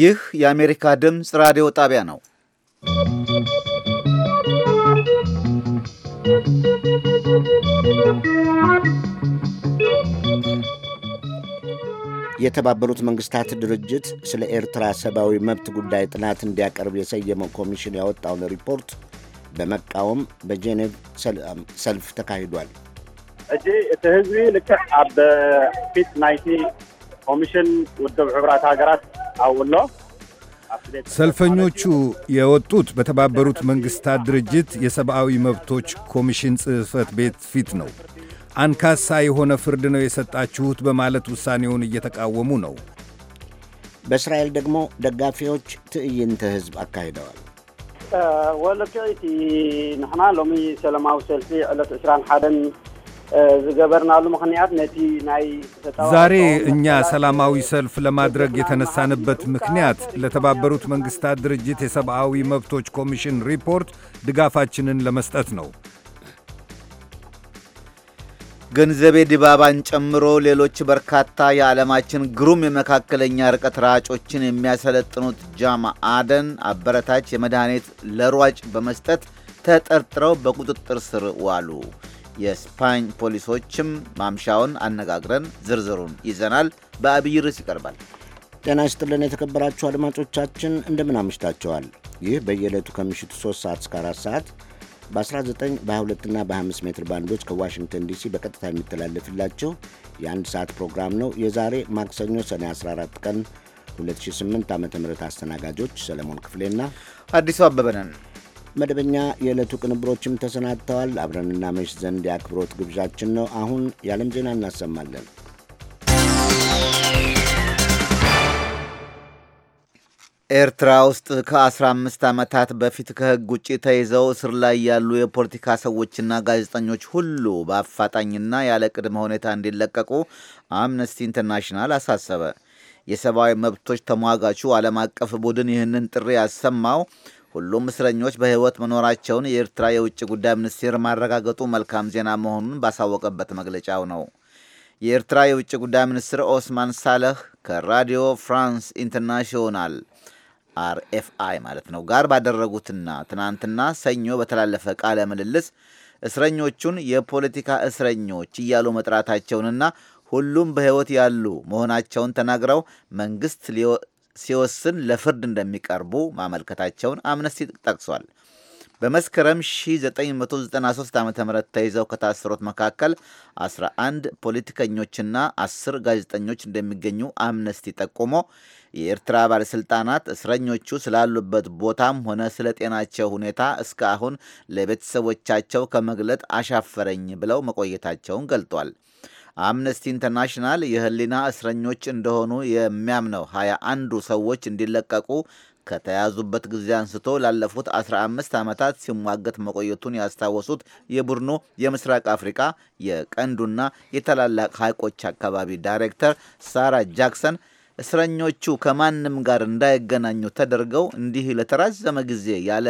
ይህ የአሜሪካ ድምፅ ራዲዮ ጣቢያ ነው። የተባበሩት መንግስታት ድርጅት ስለ ኤርትራ ሰብአዊ መብት ጉዳይ ጥናት እንዲያቀርብ የሰየመው ኮሚሽን ያወጣውን ሪፖርት በመቃወም በጄኔቭ ሰልፍ ተካሂዷል። ሕጂ እቲ ህዝቢ ልክዕ ኣብ ፊት ናይቲ ኮሚሽን ውድብ ሕብራት ሃገራት ኣብኡ ሰልፈኞቹ የወጡት በተባበሩት መንግስታት ድርጅት የሰብአዊ መብቶች ኮሚሽን ጽሕፈት ቤት ፊት ነው። አንካሳ የሆነ ፍርድ ነው የሰጣችሁት በማለት ውሳኔውን እየተቃወሙ ነው። በእስራኤል ደግሞ ደጋፊዎች ትዕይንተ ህዝብ አካሂደዋል። ወልክዕ ንሕና ሎሚ ሰላማዊ ሰልፊ ዕለት 21 ዝገበርናሉ ምክንያት ነቲ ናይ ዛሬ እኛ ሰላማዊ ሰልፍ ለማድረግ የተነሳንበት ምክንያት ለተባበሩት መንግስታት ድርጅት የሰብአዊ መብቶች ኮሚሽን ሪፖርት ድጋፋችንን ለመስጠት ነው። ገንዘቤ ዲባባን ጨምሮ ሌሎች በርካታ የዓለማችን ግሩም የመካከለኛ ርቀት ራጮችን የሚያሰለጥኑት ጃማ አደን አበረታች የመድኃኒት ለሯጭ በመስጠት ተጠርጥረው በቁጥጥር ስር ዋሉ። የስፓኝ ፖሊሶችም ማምሻውን አነጋግረን ዝርዝሩን ይዘናል። በአብይ ርዕስ ይቀርባል። ጤና ይስጥልን የተከበራችሁ አድማጮቻችን እንደምን አምሽታችኋል። ይህ በየዕለቱ ከምሽቱ 3 ሰዓት እስከ 4 ሰዓት በ19 በ22ና በ25 ሜትር ባንዶች ከዋሽንግተን ዲሲ በቀጥታ የሚተላለፍላችሁ የአንድ ሰዓት ፕሮግራም ነው። የዛሬ ማክሰኞ ሰኔ 14 ቀን 2008 ዓ ም አስተናጋጆች ሰለሞን ክፍሌና አዲሱ አበበ ነን። መደበኛ የዕለቱ ቅንብሮችም ተሰናድተዋል። አብረንና መሽ ዘንድ የአክብሮት ግብዣችን ነው። አሁን የዓለም ዜና እናሰማለን። ኤርትራ ውስጥ ከ15 ዓመታት በፊት ከሕግ ውጭ ተይዘው እስር ላይ ያሉ የፖለቲካ ሰዎችና ጋዜጠኞች ሁሉ በአፋጣኝና ያለ ቅድመ ሁኔታ እንዲለቀቁ አምነስቲ ኢንተርናሽናል አሳሰበ። የሰብአዊ መብቶች ተሟጋቹ ዓለም አቀፍ ቡድን ይህንን ጥሪ ያሰማው ሁሉም እስረኞች በሕይወት መኖራቸውን የኤርትራ የውጭ ጉዳይ ሚኒስቴር ማረጋገጡ መልካም ዜና መሆኑን ባሳወቀበት መግለጫው ነው። የኤርትራ የውጭ ጉዳይ ሚኒስትር ኦስማን ሳለህ ከራዲዮ ፍራንስ ኢንተርናሽናል አርኤፍአይ ማለት ነው ጋር ባደረጉትና ትናንትና ሰኞ በተላለፈ ቃለ ምልልስ እስረኞቹን የፖለቲካ እስረኞች እያሉ መጥራታቸውንና ሁሉም በሕይወት ያሉ መሆናቸውን ተናግረው መንግስት ሲወስን ለፍርድ እንደሚቀርቡ ማመልከታቸውን አምነስቲ ጠቅሷል። በመስከረም 1993 ዓ ም ተይዘው ከታሰሩት መካከል 11 ፖለቲከኞችና 10 ጋዜጠኞች እንደሚገኙ አምነስቲ ጠቁሞ የኤርትራ ባለሥልጣናት እስረኞቹ ስላሉበት ቦታም ሆነ ስለ ጤናቸው ሁኔታ እስከ አሁን ለቤተሰቦቻቸው ከመግለጥ አሻፈረኝ ብለው መቆየታቸውን ገልጧል። አምነስቲ ኢንተርናሽናል የህሊና እስረኞች እንደሆኑ የሚያምነው ሀያ አንዱ ሰዎች እንዲለቀቁ ከተያዙበት ጊዜ አንስቶ ላለፉት 15 ዓመታት ሲሟገት መቆየቱን ያስታወሱት የቡድኑ የምስራቅ አፍሪካ የቀንዱና የታላላቅ ሐይቆች አካባቢ ዳይሬክተር ሳራ ጃክሰን እስረኞቹ ከማንም ጋር እንዳይገናኙ ተደርገው እንዲህ ለተራዘመ ጊዜ ያለ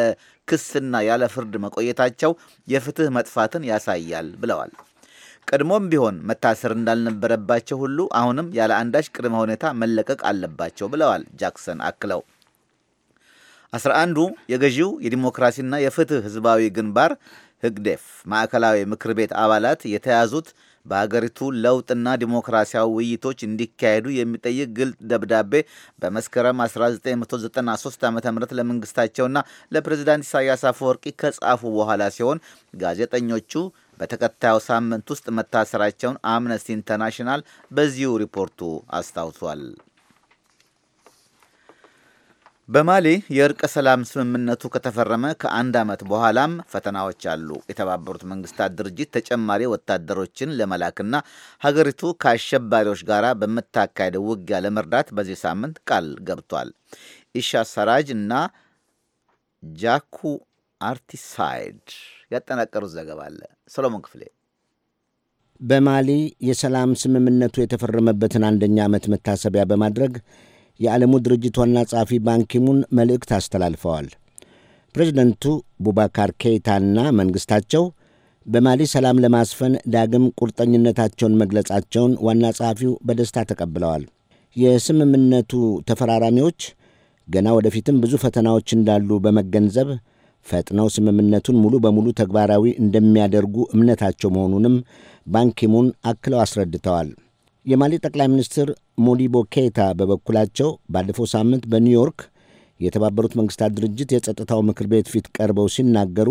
ክስና ያለ ፍርድ መቆየታቸው የፍትህ መጥፋትን ያሳያል ብለዋል። ቀድሞም ቢሆን መታሰር እንዳልነበረባቸው ሁሉ አሁንም ያለ አንዳች ቅድመ ሁኔታ መለቀቅ አለባቸው ብለዋል ጃክሰን አክለው። አስራ አንዱ የገዢው የዲሞክራሲና የፍትህ ህዝባዊ ግንባር ህግዴፍ ማዕከላዊ ምክር ቤት አባላት የተያዙት በሀገሪቱ ለውጥና ዲሞክራሲያዊ ውይይቶች እንዲካሄዱ የሚጠይቅ ግልጽ ደብዳቤ በመስከረም 1993 ዓ ም ለመንግስታቸውና ለፕሬዚዳንት ኢሳያስ አፈወርቂ ከጻፉ በኋላ ሲሆን ጋዜጠኞቹ በተከታዩ ሳምንት ውስጥ መታሰራቸውን አምነስቲ ኢንተርናሽናል በዚሁ ሪፖርቱ አስታውሷል። በማሊ የእርቀ ሰላም ስምምነቱ ከተፈረመ ከአንድ ዓመት በኋላም ፈተናዎች አሉ። የተባበሩት መንግስታት ድርጅት ተጨማሪ ወታደሮችን ለመላክና ሀገሪቱ ከአሸባሪዎች ጋር በምታካሄደው ውጊያ ለመርዳት በዚህ ሳምንት ቃል ገብቷል። ኢሻ ሰራጅ እና ጃኩ አርቲሳይድ ያጠናቀሩት ዘገባ አለ። ሰሎሞን ክፍሌ በማሊ የሰላም ስምምነቱ የተፈረመበትን አንደኛ ዓመት መታሰቢያ በማድረግ የዓለሙ ድርጅት ዋና ጸሐፊ ባንኪሙን መልእክት አስተላልፈዋል። ፕሬዚደንቱ ቡባካር ኬይታና መንግሥታቸው በማሊ ሰላም ለማስፈን ዳግም ቁርጠኝነታቸውን መግለጻቸውን ዋና ጸሐፊው በደስታ ተቀብለዋል። የስምምነቱ ተፈራራሚዎች ገና ወደፊትም ብዙ ፈተናዎች እንዳሉ በመገንዘብ ፈጥነው ስምምነቱን ሙሉ በሙሉ ተግባራዊ እንደሚያደርጉ እምነታቸው መሆኑንም ባንኪሙን አክለው አስረድተዋል። የማሊ ጠቅላይ ሚኒስትር ሞዲቦ ኬታ በበኩላቸው ባለፈው ሳምንት በኒውዮርክ የተባበሩት መንግሥታት ድርጅት የጸጥታው ምክር ቤት ፊት ቀርበው ሲናገሩ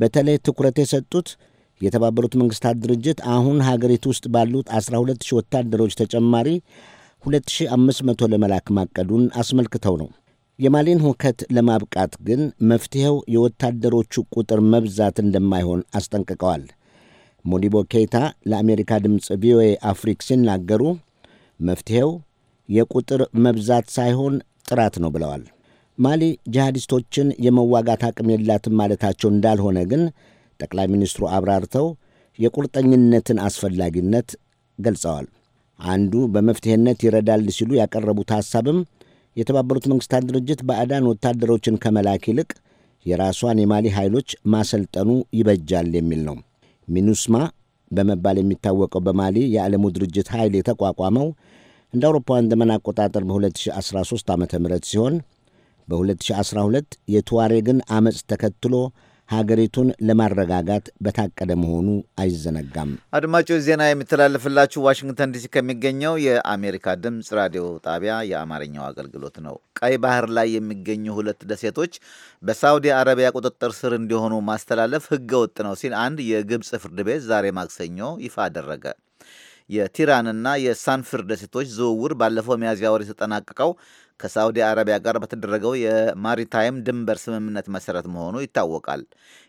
በተለይ ትኩረት የሰጡት የተባበሩት መንግሥታት ድርጅት አሁን ሀገሪቱ ውስጥ ባሉት 12,000 ወታደሮች ተጨማሪ 2500 ለመላክ ማቀዱን አስመልክተው ነው። የማሊን ሁከት ለማብቃት ግን መፍትሔው የወታደሮቹ ቁጥር መብዛት እንደማይሆን አስጠንቅቀዋል። ሞዲቦ ኬይታ ለአሜሪካ ድምፅ ቪኦኤ አፍሪክ ሲናገሩ መፍትሔው የቁጥር መብዛት ሳይሆን ጥራት ነው ብለዋል። ማሊ ጂሃዲስቶችን የመዋጋት አቅም የላትም ማለታቸው እንዳልሆነ ግን ጠቅላይ ሚኒስትሩ አብራርተው የቁርጠኝነትን አስፈላጊነት ገልጸዋል። አንዱ በመፍትሔነት ይረዳል ሲሉ ያቀረቡት ሐሳብም የተባበሩት መንግስታት ድርጅት ባዕዳን ወታደሮችን ከመላክ ይልቅ የራሷን የማሊ ኃይሎች ማሰልጠኑ ይበጃል የሚል ነው። ሚኑስማ በመባል የሚታወቀው በማሊ የዓለሙ ድርጅት ኃይል የተቋቋመው እንደ አውሮፓውያን ዘመን አቆጣጠር በ2013 ዓ ም ሲሆን በ2012 የቱዋሬግን አመፅ ተከትሎ ሀገሪቱን ለማረጋጋት በታቀደ መሆኑ አይዘነጋም። አድማጮች፣ ዜና የሚተላለፍላችሁ ዋሽንግተን ዲሲ ከሚገኘው የአሜሪካ ድምፅ ራዲዮ ጣቢያ የአማርኛው አገልግሎት ነው። ቀይ ባህር ላይ የሚገኙ ሁለት ደሴቶች በሳውዲ አረቢያ ቁጥጥር ስር እንዲሆኑ ማስተላለፍ ህገ ወጥ ነው ሲል አንድ የግብፅ ፍርድ ቤት ዛሬ ማክሰኞ ይፋ አደረገ። የቲራንና የሳንፍር ደሴቶች ዝውውር ባለፈው ሚያዝያ ወር የተጠናቀቀው ከሳዑዲ አረቢያ ጋር በተደረገው የማሪታይም ድንበር ስምምነት መሰረት መሆኑ ይታወቃል።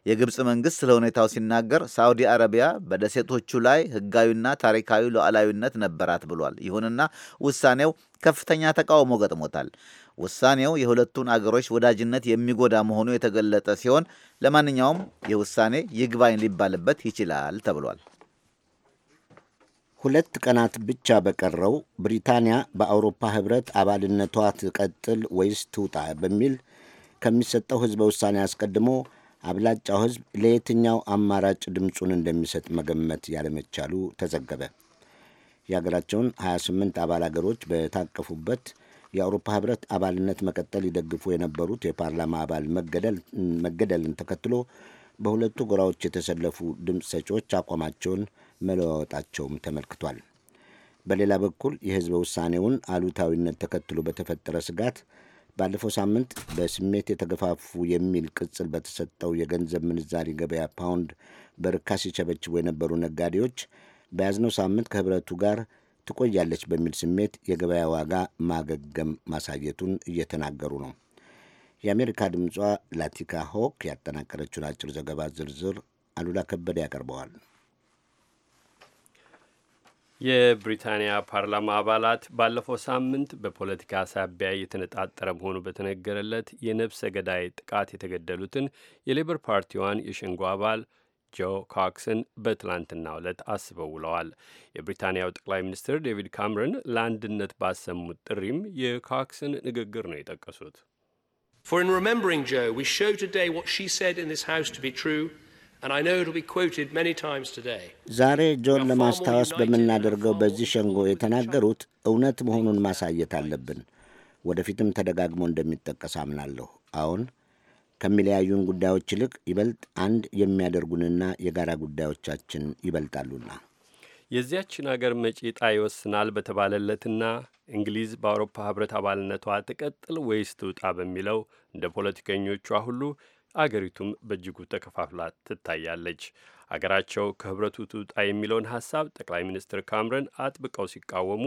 የግብፅ መንግስት ስለ ሁኔታው ሲናገር ሳዑዲ አረቢያ በደሴቶቹ ላይ ህጋዊና ታሪካዊ ሉዓላዊነት ነበራት ብሏል። ይሁንና ውሳኔው ከፍተኛ ተቃውሞ ገጥሞታል። ውሳኔው የሁለቱን አገሮች ወዳጅነት የሚጎዳ መሆኑ የተገለጠ ሲሆን ለማንኛውም የውሳኔ ይግባኝ ሊባልበት ይችላል ተብሏል። ሁለት ቀናት ብቻ በቀረው ብሪታንያ በአውሮፓ ህብረት አባልነቷ ትቀጥል ወይስ ትውጣ በሚል ከሚሰጠው ህዝበ ውሳኔ አስቀድሞ አብላጫው ህዝብ ለየትኛው አማራጭ ድምፁን እንደሚሰጥ መገመት ያለመቻሉ ተዘገበ። የሀገራቸውን 28 አባል አገሮች በታቀፉበት የአውሮፓ ህብረት አባልነት መቀጠል ይደግፉ የነበሩት የፓርላማ አባል መገደልን ተከትሎ በሁለቱ ጎራዎች የተሰለፉ ድምፅ ሰጪዎች አቋማቸውን መለዋወጣቸውም ተመልክቷል። በሌላ በኩል የህዝበ ውሳኔውን አሉታዊነት ተከትሎ በተፈጠረ ስጋት ባለፈው ሳምንት በስሜት የተገፋፉ የሚል ቅጽል በተሰጠው የገንዘብ ምንዛሪ ገበያ ፓውንድ በርካሽ ሲቸበችቡ የነበሩ ነጋዴዎች በያዝነው ሳምንት ከህብረቱ ጋር ትቆያለች በሚል ስሜት የገበያ ዋጋ ማገገም ማሳየቱን እየተናገሩ ነው። የአሜሪካ ድምጿ ላቲካ ሆክ ያጠናቀረችውን አጭር ዘገባ ዝርዝር አሉላ ከበደ ያቀርበዋል። የብሪታንያ ፓርላማ አባላት ባለፈው ሳምንት በፖለቲካ ሳቢያ የተነጣጠረ መሆኑ በተነገረለት የነብሰ ገዳይ ጥቃት የተገደሉትን የሌበር ፓርቲዋን የሸንጎ አባል ጆ ኮክስን በትላንትና ዕለት አስበው ውለዋል። የብሪታንያው ጠቅላይ ሚኒስትር ዴቪድ ካምረን ለአንድነት ባሰሙት ጥሪም የኮክስን ንግግር ነው የጠቀሱት። For in remembering Joe, we show today what she said in this house to be true. ዛሬ ጆን ለማስታወስ በምናደርገው በዚህ ሸንጎ የተናገሩት እውነት መሆኑን ማሳየት አለብን። ወደፊትም ተደጋግሞ እንደሚጠቀስ አምናለሁ። አሁን ከሚለያዩን ጉዳዮች ይልቅ ይበልጥ አንድ የሚያደርጉንና የጋራ ጉዳዮቻችን ይበልጣሉና የዚያችን አገር መጪ ዕጣ ይወስናል በተባለለትና እንግሊዝ በአውሮፓ ህብረት አባልነቷ ትቀጥል ወይስ ትውጣ በሚለው እንደ ፖለቲከኞቿ ሁሉ አገሪቱም በእጅጉ ተከፋፍላ ትታያለች። አገራቸው ከህብረቱ ትውጣ የሚለውን ሀሳብ ጠቅላይ ሚኒስትር ካምረን አጥብቀው ሲቃወሙ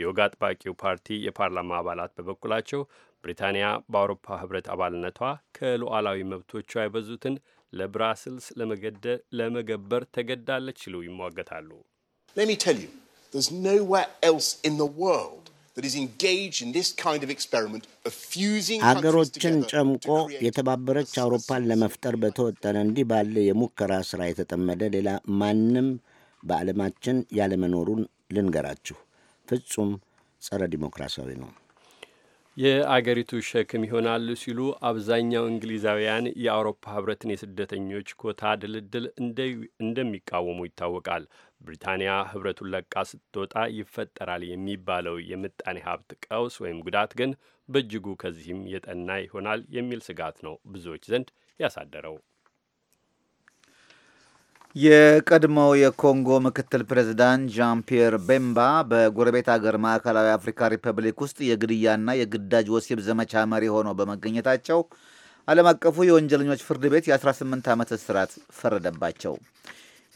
የወግ አጥባቂው ፓርቲ የፓርላማ አባላት በበኩላቸው ብሪታንያ በአውሮፓ ህብረት አባልነቷ ከሉዓላዊ መብቶቿ የበዙትን ለብራስልስ ለመገበር ተገዳለች ሲሉ ይሟገታሉ። አገሮችን ጨምቆ የተባበረች አውሮፓን ለመፍጠር በተወጠነ እንዲህ ባለ የሙከራ ሥራ የተጠመደ ሌላ ማንም በዓለማችን ያለመኖሩን ልንገራችሁ። ፍጹም ጸረ ዲሞክራሲያዊ ነው። የአገሪቱ ሸክም ይሆናል ሲሉ አብዛኛው እንግሊዛውያን የአውሮፓ ህብረትን የስደተኞች ኮታ ድልድል እንደሚቃወሙ ይታወቃል። ብሪታንያ ህብረቱን ለቃ ስትወጣ ይፈጠራል የሚባለው የምጣኔ ሀብት ቀውስ ወይም ጉዳት ግን በእጅጉ ከዚህም የጠና ይሆናል የሚል ስጋት ነው ብዙዎች ዘንድ ያሳደረው። የቀድሞው የኮንጎ ምክትል ፕሬዚዳንት ዣን ፒየር ቤምባ በጎረቤት አገር ማዕከላዊ አፍሪካ ሪፐብሊክ ውስጥ የግድያና የግዳጅ ወሲብ ዘመቻ መሪ ሆነው በመገኘታቸው ዓለም አቀፉ የወንጀለኞች ፍርድ ቤት የ18 ዓመት እስራት ፈረደባቸው።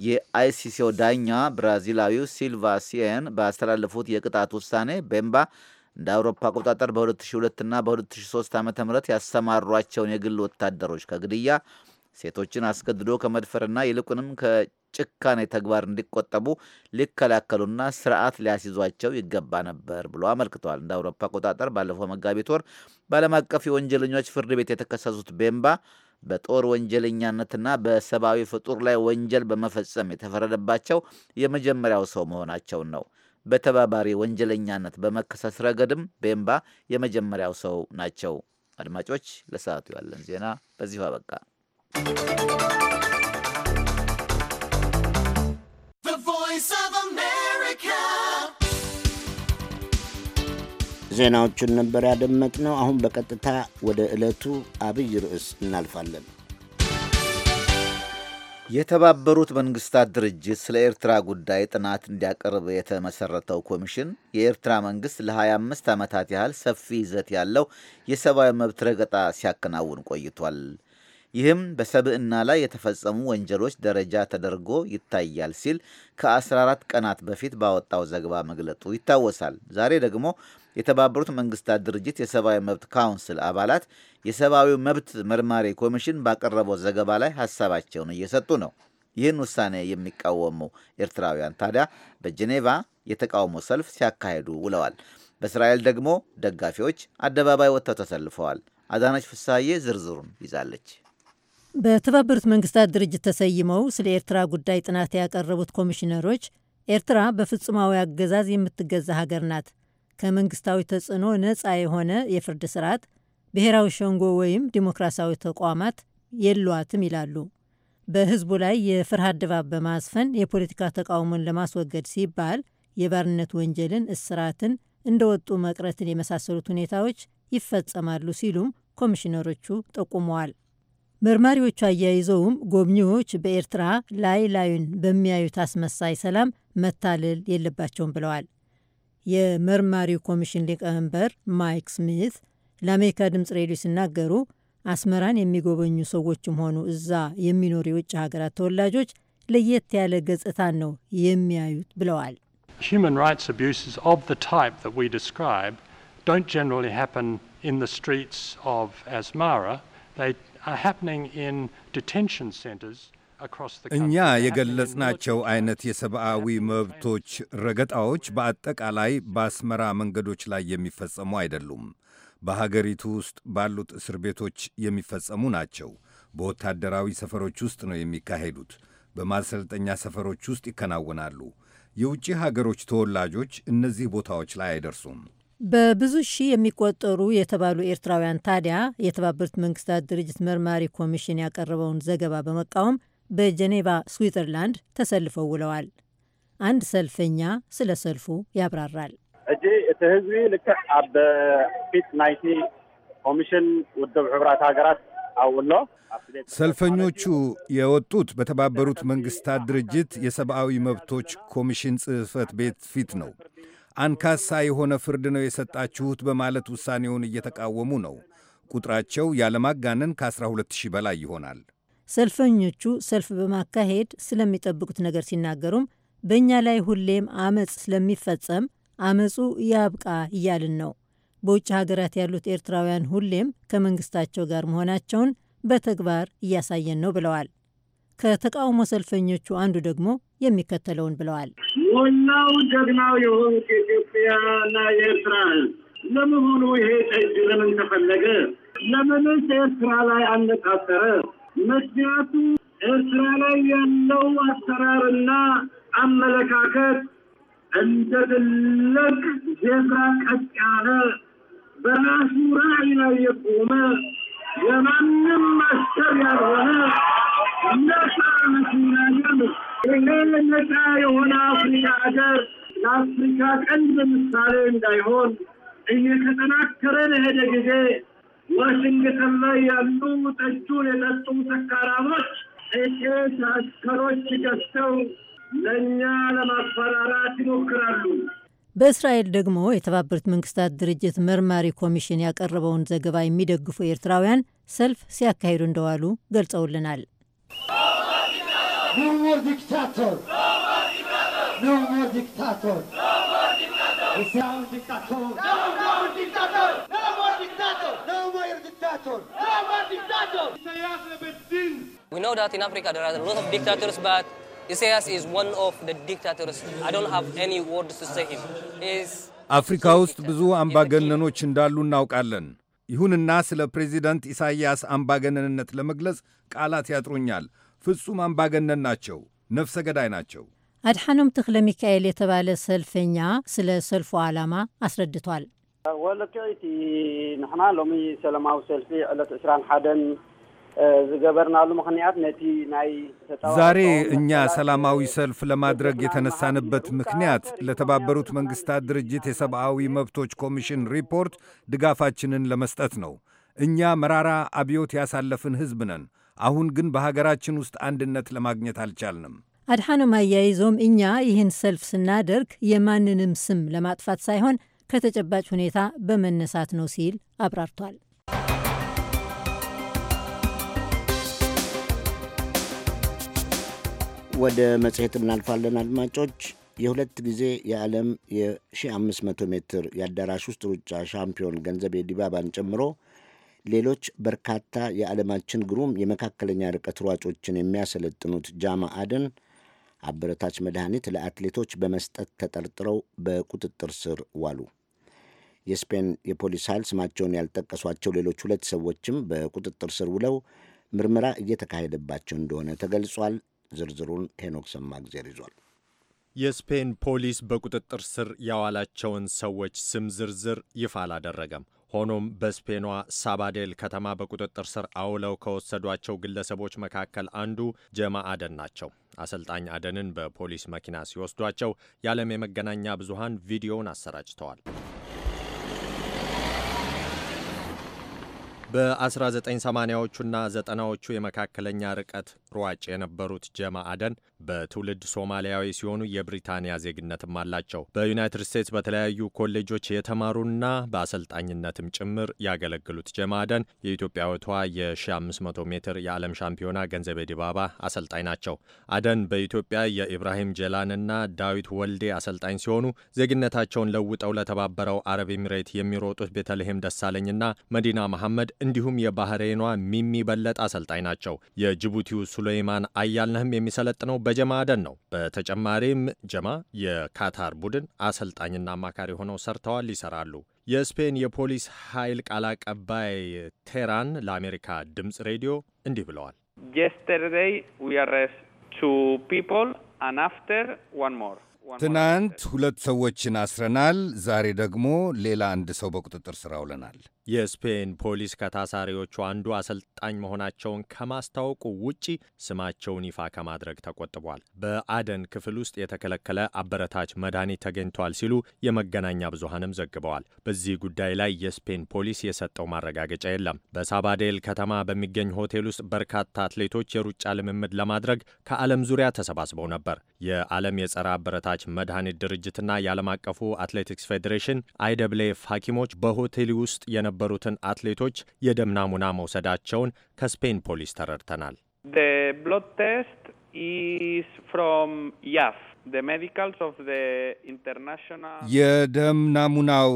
የአይሲሲው ዳኛ ብራዚላዊው ሲልቫ ሲየን ባስተላለፉት የቅጣት ውሳኔ ቤምባ እንደ አውሮፓ አቆጣጠር በ2002 እና በ2003 ዓ ም ያሰማሯቸውን የግል ወታደሮች ከግድያ፣ ሴቶችን አስገድዶ ከመድፈርና ይልቁንም ከጭካኔ ተግባር እንዲቆጠቡ ሊከላከሉና ስርዓት ሊያስይዟቸው ይገባ ነበር ብሎ አመልክተዋል። እንደ አውሮፓ አቆጣጠር ባለፈው መጋቢት ወር በዓለም አቀፍ የወንጀለኞች ፍርድ ቤት የተከሰሱት ቤምባ በጦር ወንጀለኛነትና በሰብአዊ ፍጡር ላይ ወንጀል በመፈጸም የተፈረደባቸው የመጀመሪያው ሰው መሆናቸውን ነው። በተባባሪ ወንጀለኛነት በመከሰስ ረገድም ቤምባ የመጀመሪያው ሰው ናቸው። አድማጮች፣ ለሰዓቱ ያለን ዜና በዚሁ አበቃ። ዜናዎቹን ነበር ያደመጥነው። አሁን በቀጥታ ወደ ዕለቱ አብይ ርዕስ እናልፋለን። የተባበሩት መንግስታት ድርጅት ስለ ኤርትራ ጉዳይ ጥናት እንዲያቀርብ የተመሰረተው ኮሚሽን የኤርትራ መንግስት ለ25 ዓመታት ያህል ሰፊ ይዘት ያለው የሰብአዊ መብት ረገጣ ሲያከናውን ቆይቷል። ይህም በሰብዕና ላይ የተፈጸሙ ወንጀሎች ደረጃ ተደርጎ ይታያል ሲል ከ14 ቀናት በፊት ባወጣው ዘገባ መግለጡ ይታወሳል። ዛሬ ደግሞ የተባበሩት መንግስታት ድርጅት የሰብአዊ መብት ካውንስል አባላት የሰብአዊ መብት መርማሪ ኮሚሽን ባቀረበው ዘገባ ላይ ሀሳባቸውን እየሰጡ ነው። ይህን ውሳኔ የሚቃወሙ ኤርትራውያን ታዲያ በጄኔቫ የተቃውሞ ሰልፍ ሲያካሂዱ ውለዋል። በእስራኤል ደግሞ ደጋፊዎች አደባባይ ወጥተው ተሰልፈዋል። አዳነች ፍሳዬ ዝርዝሩን ይዛለች። በተባበሩት መንግስታት ድርጅት ተሰይመው ስለ ኤርትራ ጉዳይ ጥናት ያቀረቡት ኮሚሽነሮች ኤርትራ በፍጹማዊ አገዛዝ የምትገዛ ሀገር ናት፣ ከመንግስታዊ ተጽዕኖ ነፃ የሆነ የፍርድ ስርዓት፣ ብሔራዊ ሸንጎ ወይም ዲሞክራሲያዊ ተቋማት የሏትም ይላሉ። በህዝቡ ላይ የፍርሃት ድባብ በማስፈን የፖለቲካ ተቃውሞን ለማስወገድ ሲባል የባርነት ወንጀልን፣ እስራትን፣ እንደወጡ መቅረትን የመሳሰሉት ሁኔታዎች ይፈጸማሉ ሲሉም ኮሚሽነሮቹ ጠቁመዋል። መርማሪዎቹ አያይዘውም ጎብኚዎች በኤርትራ ላይ ላዩን በሚያዩት አስመሳይ ሰላም መታለል የለባቸውም ብለዋል። የመርማሪው ኮሚሽን ሊቀመንበር ማይክ ስሚት ለአሜሪካ ድምፅ ሬዲዮ ሲናገሩ አስመራን የሚጎበኙ ሰዎችም ሆኑ እዛ የሚኖሩ የውጭ ሀገራት ተወላጆች ለየት ያለ ገጽታን ነው የሚያዩት ብለዋል። ሂውማን ራይትስ አቢዩስስ ኦፍ ዘ ታይፕ ዛት ዊ እኛ የገለጽናቸው አይነት የሰብአዊ መብቶች ረገጣዎች በአጠቃላይ በአስመራ መንገዶች ላይ የሚፈጸሙ አይደሉም። በሀገሪቱ ውስጥ ባሉት እስር ቤቶች የሚፈጸሙ ናቸው። በወታደራዊ ሰፈሮች ውስጥ ነው የሚካሄዱት። በማሰልጠኛ ሰፈሮች ውስጥ ይከናወናሉ። የውጭ ሀገሮች ተወላጆች እነዚህ ቦታዎች ላይ አይደርሱም። በብዙ ሺህ የሚቆጠሩ የተባሉ ኤርትራውያን ታዲያ የተባበሩት መንግስታት ድርጅት መርማሪ ኮሚሽን ያቀረበውን ዘገባ በመቃወም በጀኔቫ ስዊዘርላንድ ተሰልፈው ውለዋል። አንድ ሰልፈኛ ስለ ሰልፉ ያብራራል። እጂ እቲ ህዝቢ ልክዕ ኣብ ፊት ናይቲ ኮሚሽን ውድብ ሕብራት ሃገራት ሰልፈኞቹ የወጡት በተባበሩት መንግስታት ድርጅት የሰብአዊ መብቶች ኮሚሽን ጽህፈት ቤት ፊት ነው። አንካሳ የሆነ ፍርድ ነው የሰጣችሁት በማለት ውሳኔውን እየተቃወሙ ነው። ቁጥራቸው ያለማጋነን ከ12000 በላይ ይሆናል። ሰልፈኞቹ ሰልፍ በማካሄድ ስለሚጠብቁት ነገር ሲናገሩም በእኛ ላይ ሁሌም አመፅ ስለሚፈጸም አመፁ ያብቃ እያልን ነው። በውጭ ሀገራት ያሉት ኤርትራውያን ሁሌም ከመንግስታቸው ጋር መሆናቸውን በተግባር እያሳየን ነው ብለዋል። ከተቃውሞ ሰልፈኞቹ አንዱ ደግሞ የሚከተለውን ብለዋል። ዋናው ጀግናው የሆኑት የኢትዮጵያና የኤርትራ ለመሆኑ ይሄ ጠጅ ለምን ተፈለገ? ለምንስ ኤርትራ ላይ አነጣጠረ? ምክንያቱ ኤርትራ ላይ ያለው አሰራርና አመለካከት እንደ ትልቅ ዜብራ ቀጥ ያለ በራሱ ራዕይ ላይ የቆመ የማንም ማስተር ያልሆነ ነፃ መሲናያ ነው። ይህን ነፃ የሆነ አፍሪካ ሀገር ለአፍሪካ ቀንድ ምሳሌ እንዳይሆን እየተጠናከረ ለሄደ ጊዜ ዋሽንግተን ላይ ያሉ ጠጁን የጠጡ ሰካራሞች ጥቂት አስከሮች ገዝተው ለእኛ ለማፈራራት ይሞክራሉ። በእስራኤል ደግሞ የተባበሩት መንግስታት ድርጅት መርማሪ ኮሚሽን ያቀረበውን ዘገባ የሚደግፉ ኤርትራውያን ሰልፍ ሲያካሂዱ እንደዋሉ ገልጸውልናል። No more dictator! No more dictator! No more dictator! No more dictator! No more dictator! No more dictator! No more dictator! No more dictator! We know that in Africa there are a lot of dictators, but ኢሳያስ ኢዝ ዋን ኦፍ ደ ዲክታተርስ አይ ዶንት ሃቭ ኤኒ ወርድስ ቱ ሴ ሂም ኢዝ አፍሪካ ውስጥ ብዙ አምባገነኖች እንዳሉ እናውቃለን። ይሁንና ስለ ፕሬዚዳንት ኢሳያስ አምባገነንነት ለመግለጽ ቃላት ያጥሩኛል። ፍጹም አምባገነን ናቸው፣ ነፍሰ ገዳይ ናቸው። አድሓኖም ተክለ ሚካኤል የተባለ ሰልፈኛ ስለ ሰልፉ ዓላማ አስረድቷል። ወለክዕቲ ንሕና ሎሚ ሰላማዊ ሰልፊ ዕለት ሓደን ዝገበርናሉ ምክንያት ነቲ ናይ ዛሬ እኛ ሰላማዊ ሰልፍ ለማድረግ የተነሳንበት ምክንያት ለተባበሩት መንግስታት ድርጅት የሰብአዊ መብቶች ኮሚሽን ሪፖርት ድጋፋችንን ለመስጠት ነው። እኛ መራራ አብዮት ያሳለፍን ህዝብ ነን። አሁን ግን በሀገራችን ውስጥ አንድነት ለማግኘት አልቻልንም። አድሓኖም አያይዞም እኛ ይህን ሰልፍ ስናደርግ የማንንም ስም ለማጥፋት ሳይሆን ከተጨባጭ ሁኔታ በመነሳት ነው ሲል አብራርቷል። ወደ መጽሔት እናልፋለን አድማጮች። የሁለት ጊዜ የዓለም የ1500 ሜትር የአዳራሽ ውስጥ ሩጫ ሻምፒዮን ገንዘቤ ዲባባን ጨምሮ ሌሎች በርካታ የዓለማችን ግሩም የመካከለኛ ርቀት ሯጮችን የሚያሰለጥኑት ጃማ አደን አበረታች መድኃኒት ለአትሌቶች በመስጠት ተጠርጥረው በቁጥጥር ስር ዋሉ። የስፔን የፖሊስ ኃይል ስማቸውን ያልጠቀሷቸው ሌሎች ሁለት ሰዎችም በቁጥጥር ስር ውለው ምርመራ እየተካሄደባቸው እንደሆነ ተገልጿል። ዝርዝሩን ሄኖክ ሰማግዜር ይዟል። የስፔን ፖሊስ በቁጥጥር ስር ያዋላቸውን ሰዎች ስም ዝርዝር ይፋ አላደረገም። ሆኖም በስፔኗ ሳባዴል ከተማ በቁጥጥር ስር አውለው ከወሰዷቸው ግለሰቦች መካከል አንዱ ጀማ አደን ናቸው። አሰልጣኝ አደንን በፖሊስ መኪና ሲወስዷቸው የዓለም የመገናኛ ብዙሃን ቪዲዮውን አሰራጭተዋል። በ1980ዎቹና ዘጠናዎቹ የመካከለኛ ርቀት ሯጭ የነበሩት ጀማ አደን በትውልድ ሶማሊያዊ ሲሆኑ የብሪታንያ ዜግነትም አላቸው። በዩናይትድ ስቴትስ በተለያዩ ኮሌጆች የተማሩና በአሰልጣኝነትም ጭምር ያገለግሉት ጀማ አደን የኢትዮጵያዊቷ የ1500 ሜትር የዓለም ሻምፒዮና ገንዘቤ ዲባባ አሰልጣኝ ናቸው። አደን በኢትዮጵያ የኢብራሂም ጀላንና ዳዊት ወልዴ አሰልጣኝ ሲሆኑ ዜግነታቸውን ለውጠው ለተባበረው አረብ ኤሚሬት የሚሮጡት ቤተልሔም ደሳለኝና መዲና መሐመድ እንዲሁም የባህሬኗ ሚሚ በለጥ አሰልጣኝ ናቸው። የጅቡቲው ሱሌይማን አያልነህም የሚሰለጥነው በጀማ አደን ነው። በተጨማሪም ጀማ የካታር ቡድን አሰልጣኝና አማካሪ ሆነው ሰርተዋል፣ ይሰራሉ። የስፔን የፖሊስ ኃይል ቃል አቀባይ ቴራን ለአሜሪካ ድምፅ ሬዲዮ እንዲህ ብለዋል። ትናንት ሁለት ሰዎችን አስረናል። ዛሬ ደግሞ ሌላ አንድ ሰው በቁጥጥር ስር አውለናል። የስፔን ፖሊስ ከታሳሪዎቹ አንዱ አሰልጣኝ መሆናቸውን ከማስታወቁ ውጪ ስማቸውን ይፋ ከማድረግ ተቆጥቧል። በአደን ክፍል ውስጥ የተከለከለ አበረታች መድኃኒት ተገኝቷል ሲሉ የመገናኛ ብዙሃንም ዘግበዋል። በዚህ ጉዳይ ላይ የስፔን ፖሊስ የሰጠው ማረጋገጫ የለም። በሳባዴል ከተማ በሚገኝ ሆቴል ውስጥ በርካታ አትሌቶች የሩጫ ልምምድ ለማድረግ ከዓለም ዙሪያ ተሰባስበው ነበር። የዓለም የጸረ አበረታች መድኃኒት ድርጅትና የዓለም አቀፉ አትሌቲክስ ፌዴሬሽን አይደብሌፍ ሐኪሞች በሆቴል ውስጥ የነ የነበሩትን አትሌቶች የደም ናሙና መውሰዳቸውን ከስፔን ፖሊስ ተረድተናል። ፍሮም ያፍ የደም ናሙናው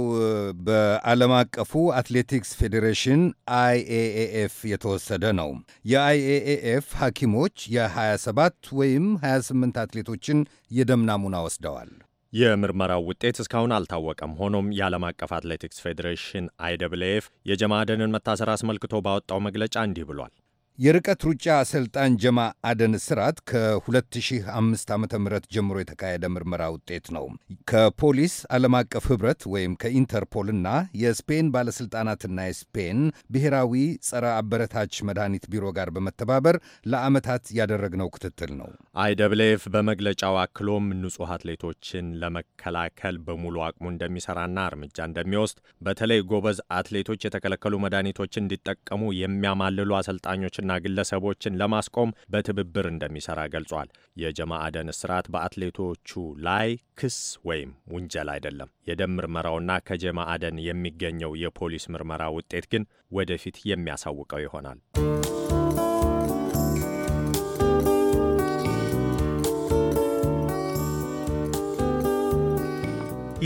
በዓለም አቀፉ አትሌቲክስ ፌዴሬሽን አይኤኤኤፍ የተወሰደ ነው። የአይኤኤኤፍ ሐኪሞች የ27 ወይም 28 አትሌቶችን የደም ናሙና ወስደዋል። የምርመራው ውጤት እስካሁን አልታወቀም። ሆኖም የዓለም አቀፍ አትሌቲክስ ፌዴሬሽን አይደብልኤፍ የጀማደንን መታሰር አስመልክቶ ባወጣው መግለጫ እንዲህ ብሏል። የርቀት ሩጫ አሰልጣኝ ጀማ አደን ስርዓት ከ2005 ዓ ም ጀምሮ የተካሄደ ምርመራ ውጤት ነው። ከፖሊስ ዓለም አቀፍ ኅብረት ወይም ከኢንተርፖልና የስፔን ባለሥልጣናትና የስፔን ብሔራዊ ጸረ አበረታች መድኃኒት ቢሮ ጋር በመተባበር ለዓመታት ያደረግነው ክትትል ነው። አይደብሌፍ በመግለጫው አክሎም ንጹሕ አትሌቶችን ለመከላከል በሙሉ አቅሙ እንደሚሠራና እርምጃ እንደሚወስድ በተለይ ጎበዝ አትሌቶች የተከለከሉ መድኃኒቶችን እንዲጠቀሙ የሚያማልሉ አሰልጣኞችን ድርጅቶችና ግለሰቦችን ለማስቆም በትብብር እንደሚሰራ ገልጿል። የጀማ አደን እስራት በአትሌቶቹ ላይ ክስ ወይም ውንጀል አይደለም። የደም ምርመራውና ከጀማ አደን የሚገኘው የፖሊስ ምርመራ ውጤት ግን ወደፊት የሚያሳውቀው ይሆናል።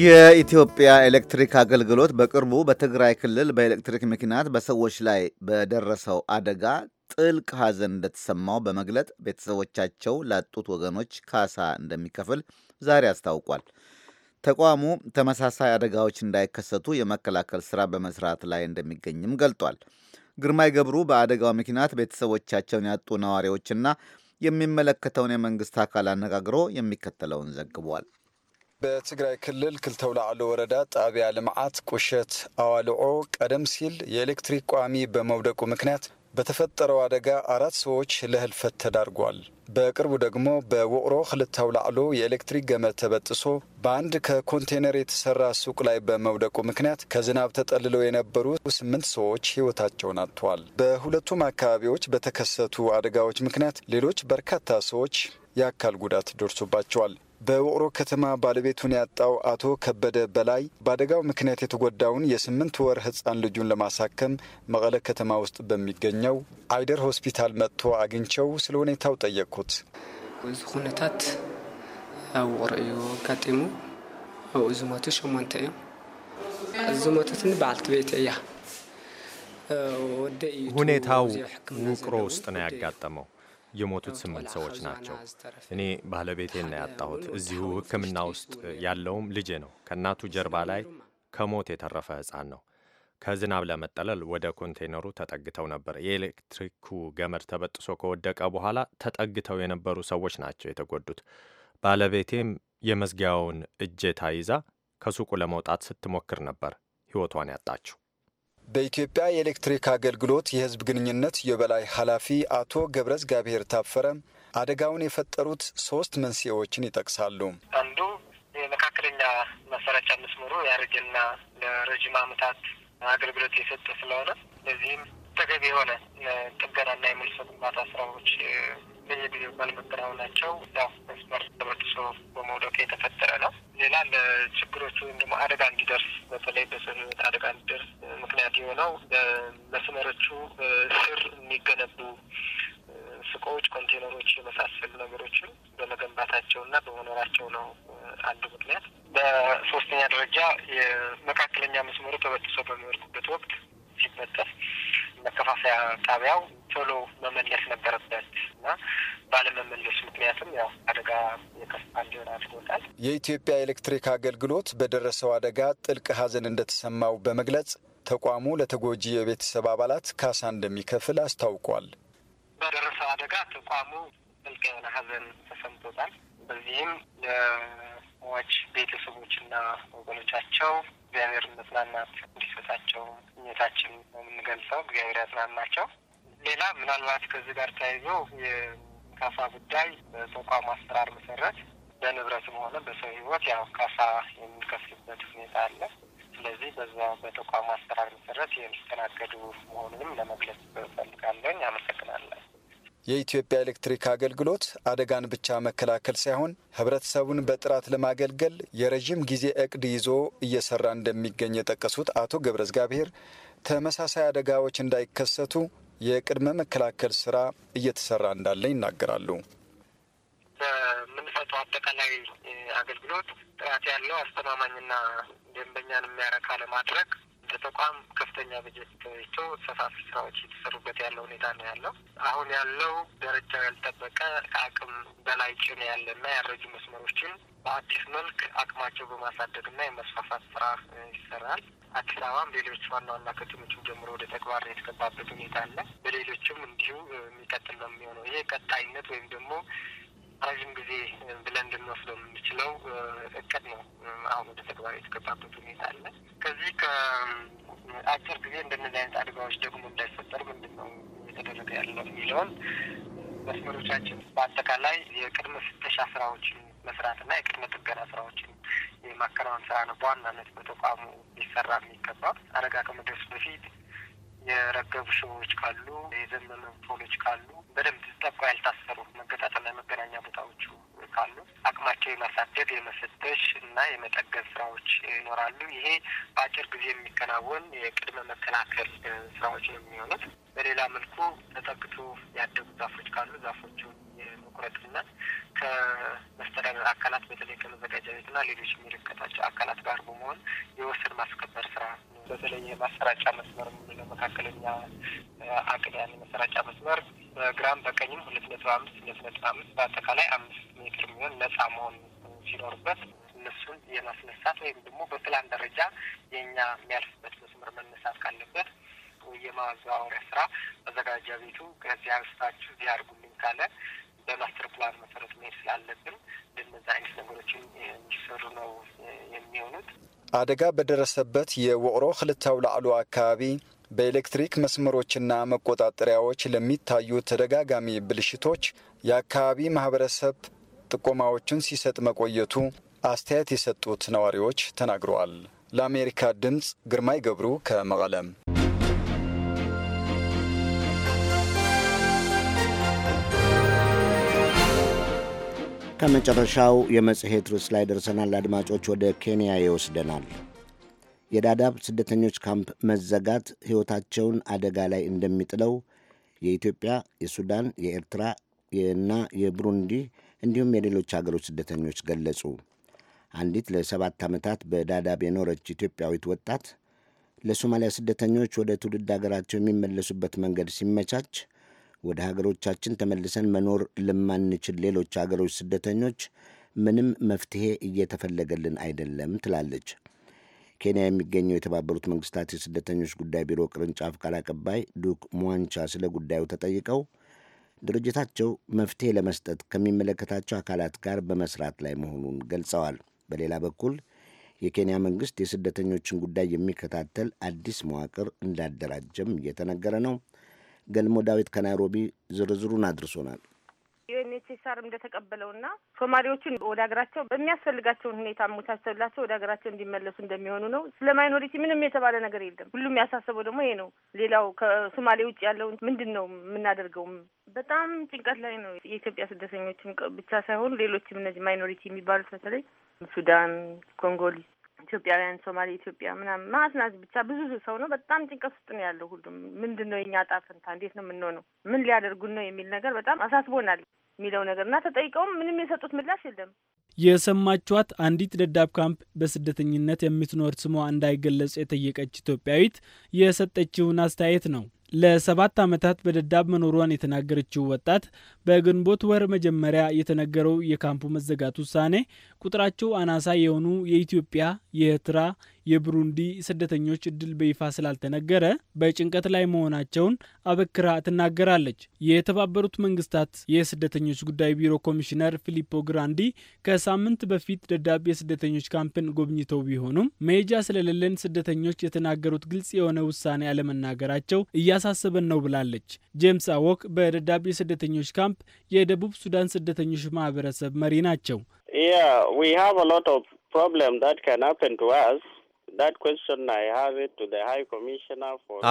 የኢትዮጵያ ኤሌክትሪክ አገልግሎት በቅርቡ በትግራይ ክልል በኤሌክትሪክ ምክንያት በሰዎች ላይ በደረሰው አደጋ ጥልቅ ሐዘን እንደተሰማው በመግለጥ ቤተሰቦቻቸው ላጡት ወገኖች ካሳ እንደሚከፍል ዛሬ አስታውቋል። ተቋሙ ተመሳሳይ አደጋዎች እንዳይከሰቱ የመከላከል ሥራ በመስራት ላይ እንደሚገኝም ገልጧል። ግርማይ ገብሩ በአደጋው ምክንያት ቤተሰቦቻቸውን ያጡ ነዋሪዎችና የሚመለከተውን የመንግስት አካል አነጋግሮ የሚከተለውን ዘግቧል። በትግራይ ክልል ክልተ አውላዕሎ ወረዳ ጣቢያ ልምዓት ቁሸት አዋልዖ ቀደም ሲል የኤሌክትሪክ ቋሚ በመውደቁ ምክንያት በተፈጠረው አደጋ አራት ሰዎች ለህልፈት ተዳርጓል። በቅርቡ ደግሞ በውቅሮ ክልታው ላዕሎ የኤሌክትሪክ ገመድ ተበጥሶ በአንድ ከኮንቴነር የተሰራ ሱቅ ላይ በመውደቁ ምክንያት ከዝናብ ተጠልለው የነበሩ ስምንት ሰዎች ህይወታቸውን አጥተዋል። በሁለቱም አካባቢዎች በተከሰቱ አደጋዎች ምክንያት ሌሎች በርካታ ሰዎች የአካል ጉዳት ደርሶባቸዋል። በውቅሮ ከተማ ባለቤቱን ያጣው አቶ ከበደ በላይ በአደጋው ምክንያት የተጎዳውን የስምንት ወር ህፃን ልጁን ለማሳከም መቀለ ከተማ ውስጥ በሚገኘው አይደር ሆስፒታል መጥቶ አግኝቸው ስለ ሁኔታው ጠየቅኩት። እዚ ሁነታት ኣብ ውቅሮ እዩ ኣጋጢሙ እዚ ሞቱ ሸሞንተ እዮም እዚ ዝሞተትን በዓልቲ ቤት እያ ሁኔታው ውቅሮ ውስጥ ነው ያጋጠመው። የሞቱት ስምንት ሰዎች ናቸው። እኔ ባለቤቴና ያጣሁት እዚሁ ሕክምና ውስጥ ያለውም ልጄ ነው። ከእናቱ ጀርባ ላይ ከሞት የተረፈ ሕፃን ነው። ከዝናብ ለመጠለል ወደ ኮንቴይነሩ ተጠግተው ነበር። የኤሌክትሪኩ ገመድ ተበጥሶ ከወደቀ በኋላ ተጠግተው የነበሩ ሰዎች ናቸው የተጎዱት። ባለቤቴም የመዝጊያውን እጀታ ይዛ ከሱቁ ለመውጣት ስትሞክር ነበር ሕይወቷን ያጣችው። በኢትዮጵያ የኤሌክትሪክ አገልግሎት የህዝብ ግንኙነት የበላይ ኃላፊ አቶ ገብረ እግዚአብሔር ታፈረ አደጋውን የፈጠሩት ሶስት መንስኤዎችን ይጠቅሳሉ። አንዱ የመካከለኛ መሰረጫ መስመሩ ያረጀና ለረዥም ዓመታት አገልግሎት የሰጠ ስለሆነ በዚህም ተገቢ የሆነ ጥገናና የመልሶ ግንባታ ስራዎች በየጊዜው ባለመከናወናቸው ያው መስመር ተበጥሶ በመውደቅ የተፈጠረ ነው። ሌላ ለችግሮቹ ወይም ደግሞ አደጋ እንዲደርስ በተለይ በሰው ሕይወት አደጋ እንዲደርስ ምክንያት የሆነው በመስመሮቹ ስር የሚገነቡ ሱቆች፣ ኮንቴነሮች የመሳሰሉ ነገሮችን በመገንባታቸው እና በመኖራቸው ነው አንዱ ምክንያት። በሶስተኛ ደረጃ የመካከለኛ መስመሩ ተበጥሶ በሚወድቅበት ወቅት ሲበጠስ መከፋፈያ ጣቢያው ቶሎ መመለስ ነበረበት እና ባለመመለሱ ምክንያትም ያው አደጋ የከፋ እንዲሆን አድርጎታል። የኢትዮጵያ ኤሌክትሪክ አገልግሎት በደረሰው አደጋ ጥልቅ ሐዘን እንደተሰማው በመግለጽ ተቋሙ ለተጎጂ የቤተሰብ አባላት ካሳ እንደሚከፍል አስታውቋል። በደረሰው አደጋ ተቋሙ ጥልቅ የሆነ ሐዘን ተሰምቶታል። በዚህም ለሟች ቤተሰቦችና ወገኖቻቸው እግዚአብሔር መጽናናት እንዲሰጣቸው እኘታችን ነው የምንገልጸው። እግዚአብሔር ያጽናናቸው። ሌላ ምናልባት ከዚህ ጋር ተያይዞ የካሳ ጉዳይ በተቋሙ አሰራር መሰረት በንብረትም ሆነ በሰው ሕይወት ያው ካሳ የምንከፍልበት ሁኔታ አለ። ስለዚህ በዛ በተቋሙ አሰራር መሰረት የሚስተናገዱ መሆኑንም ለመግለጽ ፈልጋለን። አመሰግናለን። የኢትዮጵያ ኤሌክትሪክ አገልግሎት አደጋን ብቻ መከላከል ሳይሆን ህብረተሰቡን በጥራት ለማገልገል የረዥም ጊዜ እቅድ ይዞ እየሰራ እንደሚገኝ የጠቀሱት አቶ ገብረ እግዚአብሔር ተመሳሳይ አደጋዎች እንዳይከሰቱ የቅድመ መከላከል ስራ እየተሰራ እንዳለ ይናገራሉ። በምንሰጠው አጠቃላይ አገልግሎት ጥራት ያለው አስተማማኝና ደንበኛን የሚያረካ ለማድረግ እንደ ተቋም ከፍተኛ በጀት ተበጅቶ ሰፋፊ ስራዎች የተሰሩበት ያለው ሁኔታ ነው ያለው። አሁን ያለው ደረጃው ያልጠበቀ ከአቅም በላይ ጭን ያለና ያረጁ መስመሮችን በአዲስ መልክ አቅማቸው በማሳደግና የመስፋፋት ስራ ይሰራል። አዲስ አበባም ሌሎች ዋና ዋና ከተሞችም ጀምሮ ወደ ተግባር የተገባበት ሁኔታ አለ። በሌሎችም እንዲሁ የሚቀጥል ነው የሚሆነው። ይሄ ቀጣይነት ወይም ደግሞ ረዥም ጊዜ ብለን እንድንወስደው የምንችለው እቅድ ነው። አሁን ወደ ተግባር የተገባበት ሁኔታ አለ። ከዚህ ከአጭር ጊዜ እንደነዚህ አይነት አደጋዎች ደግሞ እንዳይፈጠሩ ምንድን ነው የተደረገ ያለው የሚለውን መስመሮቻችን በአጠቃላይ የቅድመ ፍተሻ ስራዎችን መስራትና የቅድመ ጥገና ስራዎችን የማከናወን ስራ ነው በዋናነት በተቋሙ ሊሰራ የሚገባ አደጋ ከመድረሱ በፊት የረገቡ ሽቦዎች ካሉ የዘመኑ ፖሎች ካሉ በደንብ ጠብቆ ያልታሰሩ መገጣጠም መገናኛ ቦታዎቹ ካሉ አቅማቸው የማሳደግ የመፈተሽ እና የመጠገን ስራዎች ይኖራሉ። ይሄ በአጭር ጊዜ የሚከናወን የቅድመ መከላከል ስራዎች ነው የሚሆኑት። በሌላ መልኩ ተጠግቶ ያደጉ ዛፎች ካሉ ዛፎቹን የመቁረጥና ከመስተዳደር አካላት በተለይ ከመዘጋጃ ቤትና ሌሎች የሚመለከታቸው አካላት ጋር በመሆን የወሰን ማስከበር ስራ በተለይ የማሰራጫ መስመር የምንለው መካከለኛ አቅም ያለ መሰራጫ መስመር በግራም በቀኝም ሁለት ነጥብ አምስት ሁለት ነጥብ አምስት በአጠቃላይ አምስት ሜትር የሚሆን ነጻ መሆን ሲኖርበት እነሱን የማስነሳት ወይም ደግሞ በፕላን ደረጃ የእኛ የሚያልፍበት መስመር መነሳት ካለበት የማዘዋወሪያ ስራ አዘጋጃ ቤቱ ከዚህ አንስታችሁ እዚህ አድርጉልኝ ካለ በማስተር ፕላን መሰረት መሄድ ስላለብን እንደነዚ አይነት ነገሮችን የሚሰሩ ነው የሚሆኑት። አደጋ በደረሰበት የውቅሮ ክልተ አውላዕሎ አካባቢ በኤሌክትሪክ መስመሮችና መቆጣጠሪያዎች ለሚታዩ ተደጋጋሚ ብልሽቶች የአካባቢ ማህበረሰብ ጥቆማዎችን ሲሰጥ መቆየቱ አስተያየት የሰጡት ነዋሪዎች ተናግረዋል። ለአሜሪካ ድምፅ ግርማይ ገብሩ ከመቀለም። ከመጨረሻው የመጽሔት ርዕስ ላይ ደርሰናል አድማጮች። ወደ ኬንያ ይወስደናል። የዳዳብ ስደተኞች ካምፕ መዘጋት ሕይወታቸውን አደጋ ላይ እንደሚጥለው የኢትዮጵያ፣ የሱዳን፣ የኤርትራ እና የቡሩንዲ እንዲሁም የሌሎች አገሮች ስደተኞች ገለጹ። አንዲት ለሰባት ዓመታት በዳዳብ የኖረች ኢትዮጵያዊት ወጣት ለሶማሊያ ስደተኞች ወደ ትውልድ አገራቸው የሚመለሱበት መንገድ ሲመቻች ወደ ሀገሮቻችን ተመልሰን መኖር ለማንችል ሌሎች ሀገሮች ስደተኞች ምንም መፍትሄ እየተፈለገልን አይደለም ትላለች። ኬንያ የሚገኘው የተባበሩት መንግስታት የስደተኞች ጉዳይ ቢሮ ቅርንጫፍ ቃል አቀባይ ዱክ ሟንቻ ስለ ጉዳዩ ተጠይቀው ድርጅታቸው መፍትሄ ለመስጠት ከሚመለከታቸው አካላት ጋር በመስራት ላይ መሆኑን ገልጸዋል። በሌላ በኩል የኬንያ መንግስት የስደተኞችን ጉዳይ የሚከታተል አዲስ መዋቅር እንዳደራጀም እየተነገረ ነው። ገልሞ ዳዊት ከናይሮቢ ዝርዝሩን አድርሶናል። ዩኤንኤችሲአር እንደተቀበለውና ሶማሌዎችን ወደ ሀገራቸው በሚያስፈልጋቸውን ሁኔታ አመቻችተውላቸው ወደ ሀገራቸው እንዲመለሱ እንደሚሆኑ ነው። ስለ ማይኖሪቲ ምንም የተባለ ነገር የለም። ሁሉም ያሳሰበው ደግሞ ይሄ ነው። ሌላው ከሶማሌ ውጭ ያለውን ምንድን ነው የምናደርገውም? በጣም ጭንቀት ላይ ነው። የኢትዮጵያ ስደተኞችም ብቻ ሳይሆን ሌሎችም እነዚህ ማይኖሪቲ የሚባሉት በተለይ ሱዳን፣ ኮንጎሊስ ኢትዮጵያውያን፣ ሶማሌ ኢትዮጵያ ምናምን ማስናት ብቻ ብዙ ሰው ነው። በጣም ጭንቀት ውስጥ ነው ያለው ሁሉም። ምንድን ነው የኛ ዕጣ ፈንታ? እንዴት ነው የምንሆነው? ምን ሊያደርጉን ነው የሚል ነገር በጣም አሳስቦናል የሚለው ነገር እና ተጠይቀውም ምንም የሰጡት ምላሽ የለም። የሰማችኋት አንዲት ደዳብ ካምፕ በስደተኝነት የምትኖር ስሟ እንዳይገለጽ የጠየቀች ኢትዮጵያዊት የሰጠችውን አስተያየት ነው። ለሰባት ዓመታት በደዳብ መኖሯን የተናገረችው ወጣት በግንቦት ወር መጀመሪያ የተነገረው የካምፑ መዘጋት ውሳኔ ቁጥራቸው አናሳ የሆኑ የኢትዮጵያ፣ የኤርትራ፣ የብሩንዲ ስደተኞች እድል በይፋ ስላልተነገረ በጭንቀት ላይ መሆናቸውን አበክራ ትናገራለች። የተባበሩት መንግስታት የስደተኞች ጉዳይ ቢሮ ኮሚሽነር ፊሊፖ ግራንዲ ከሳምንት በፊት ደዳብ የስደተኞች ካምፕን ጎብኝተው ቢሆኑም መሄጃ ስለሌለን ስደተኞች የተናገሩት ግልጽ የሆነ ውሳኔ አለመናገራቸው እያሳሰበን ነው ብላለች። ጄምስ አወክ በደዳብ የስደተኞች ካምፕ ትራምፕ የደቡብ ሱዳን ስደተኞች ማህበረሰብ መሪ ናቸው።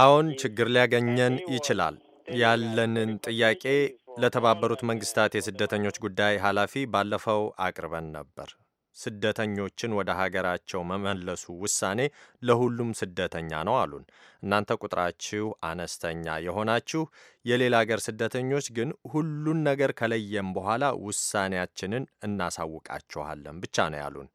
አሁን ችግር ሊያገኘን ይችላል። ያለንን ጥያቄ ለተባበሩት መንግስታት የስደተኞች ጉዳይ ኃላፊ ባለፈው አቅርበን ነበር። ስደተኞችን ወደ ሀገራቸው መመለሱ ውሳኔ ለሁሉም ስደተኛ ነው አሉን። እናንተ ቁጥራችሁ አነስተኛ የሆናችሁ የሌላ አገር ስደተኞች ግን ሁሉን ነገር ከለየም በኋላ ውሳኔያችንን እናሳውቃችኋለን ብቻ ነው ያሉን።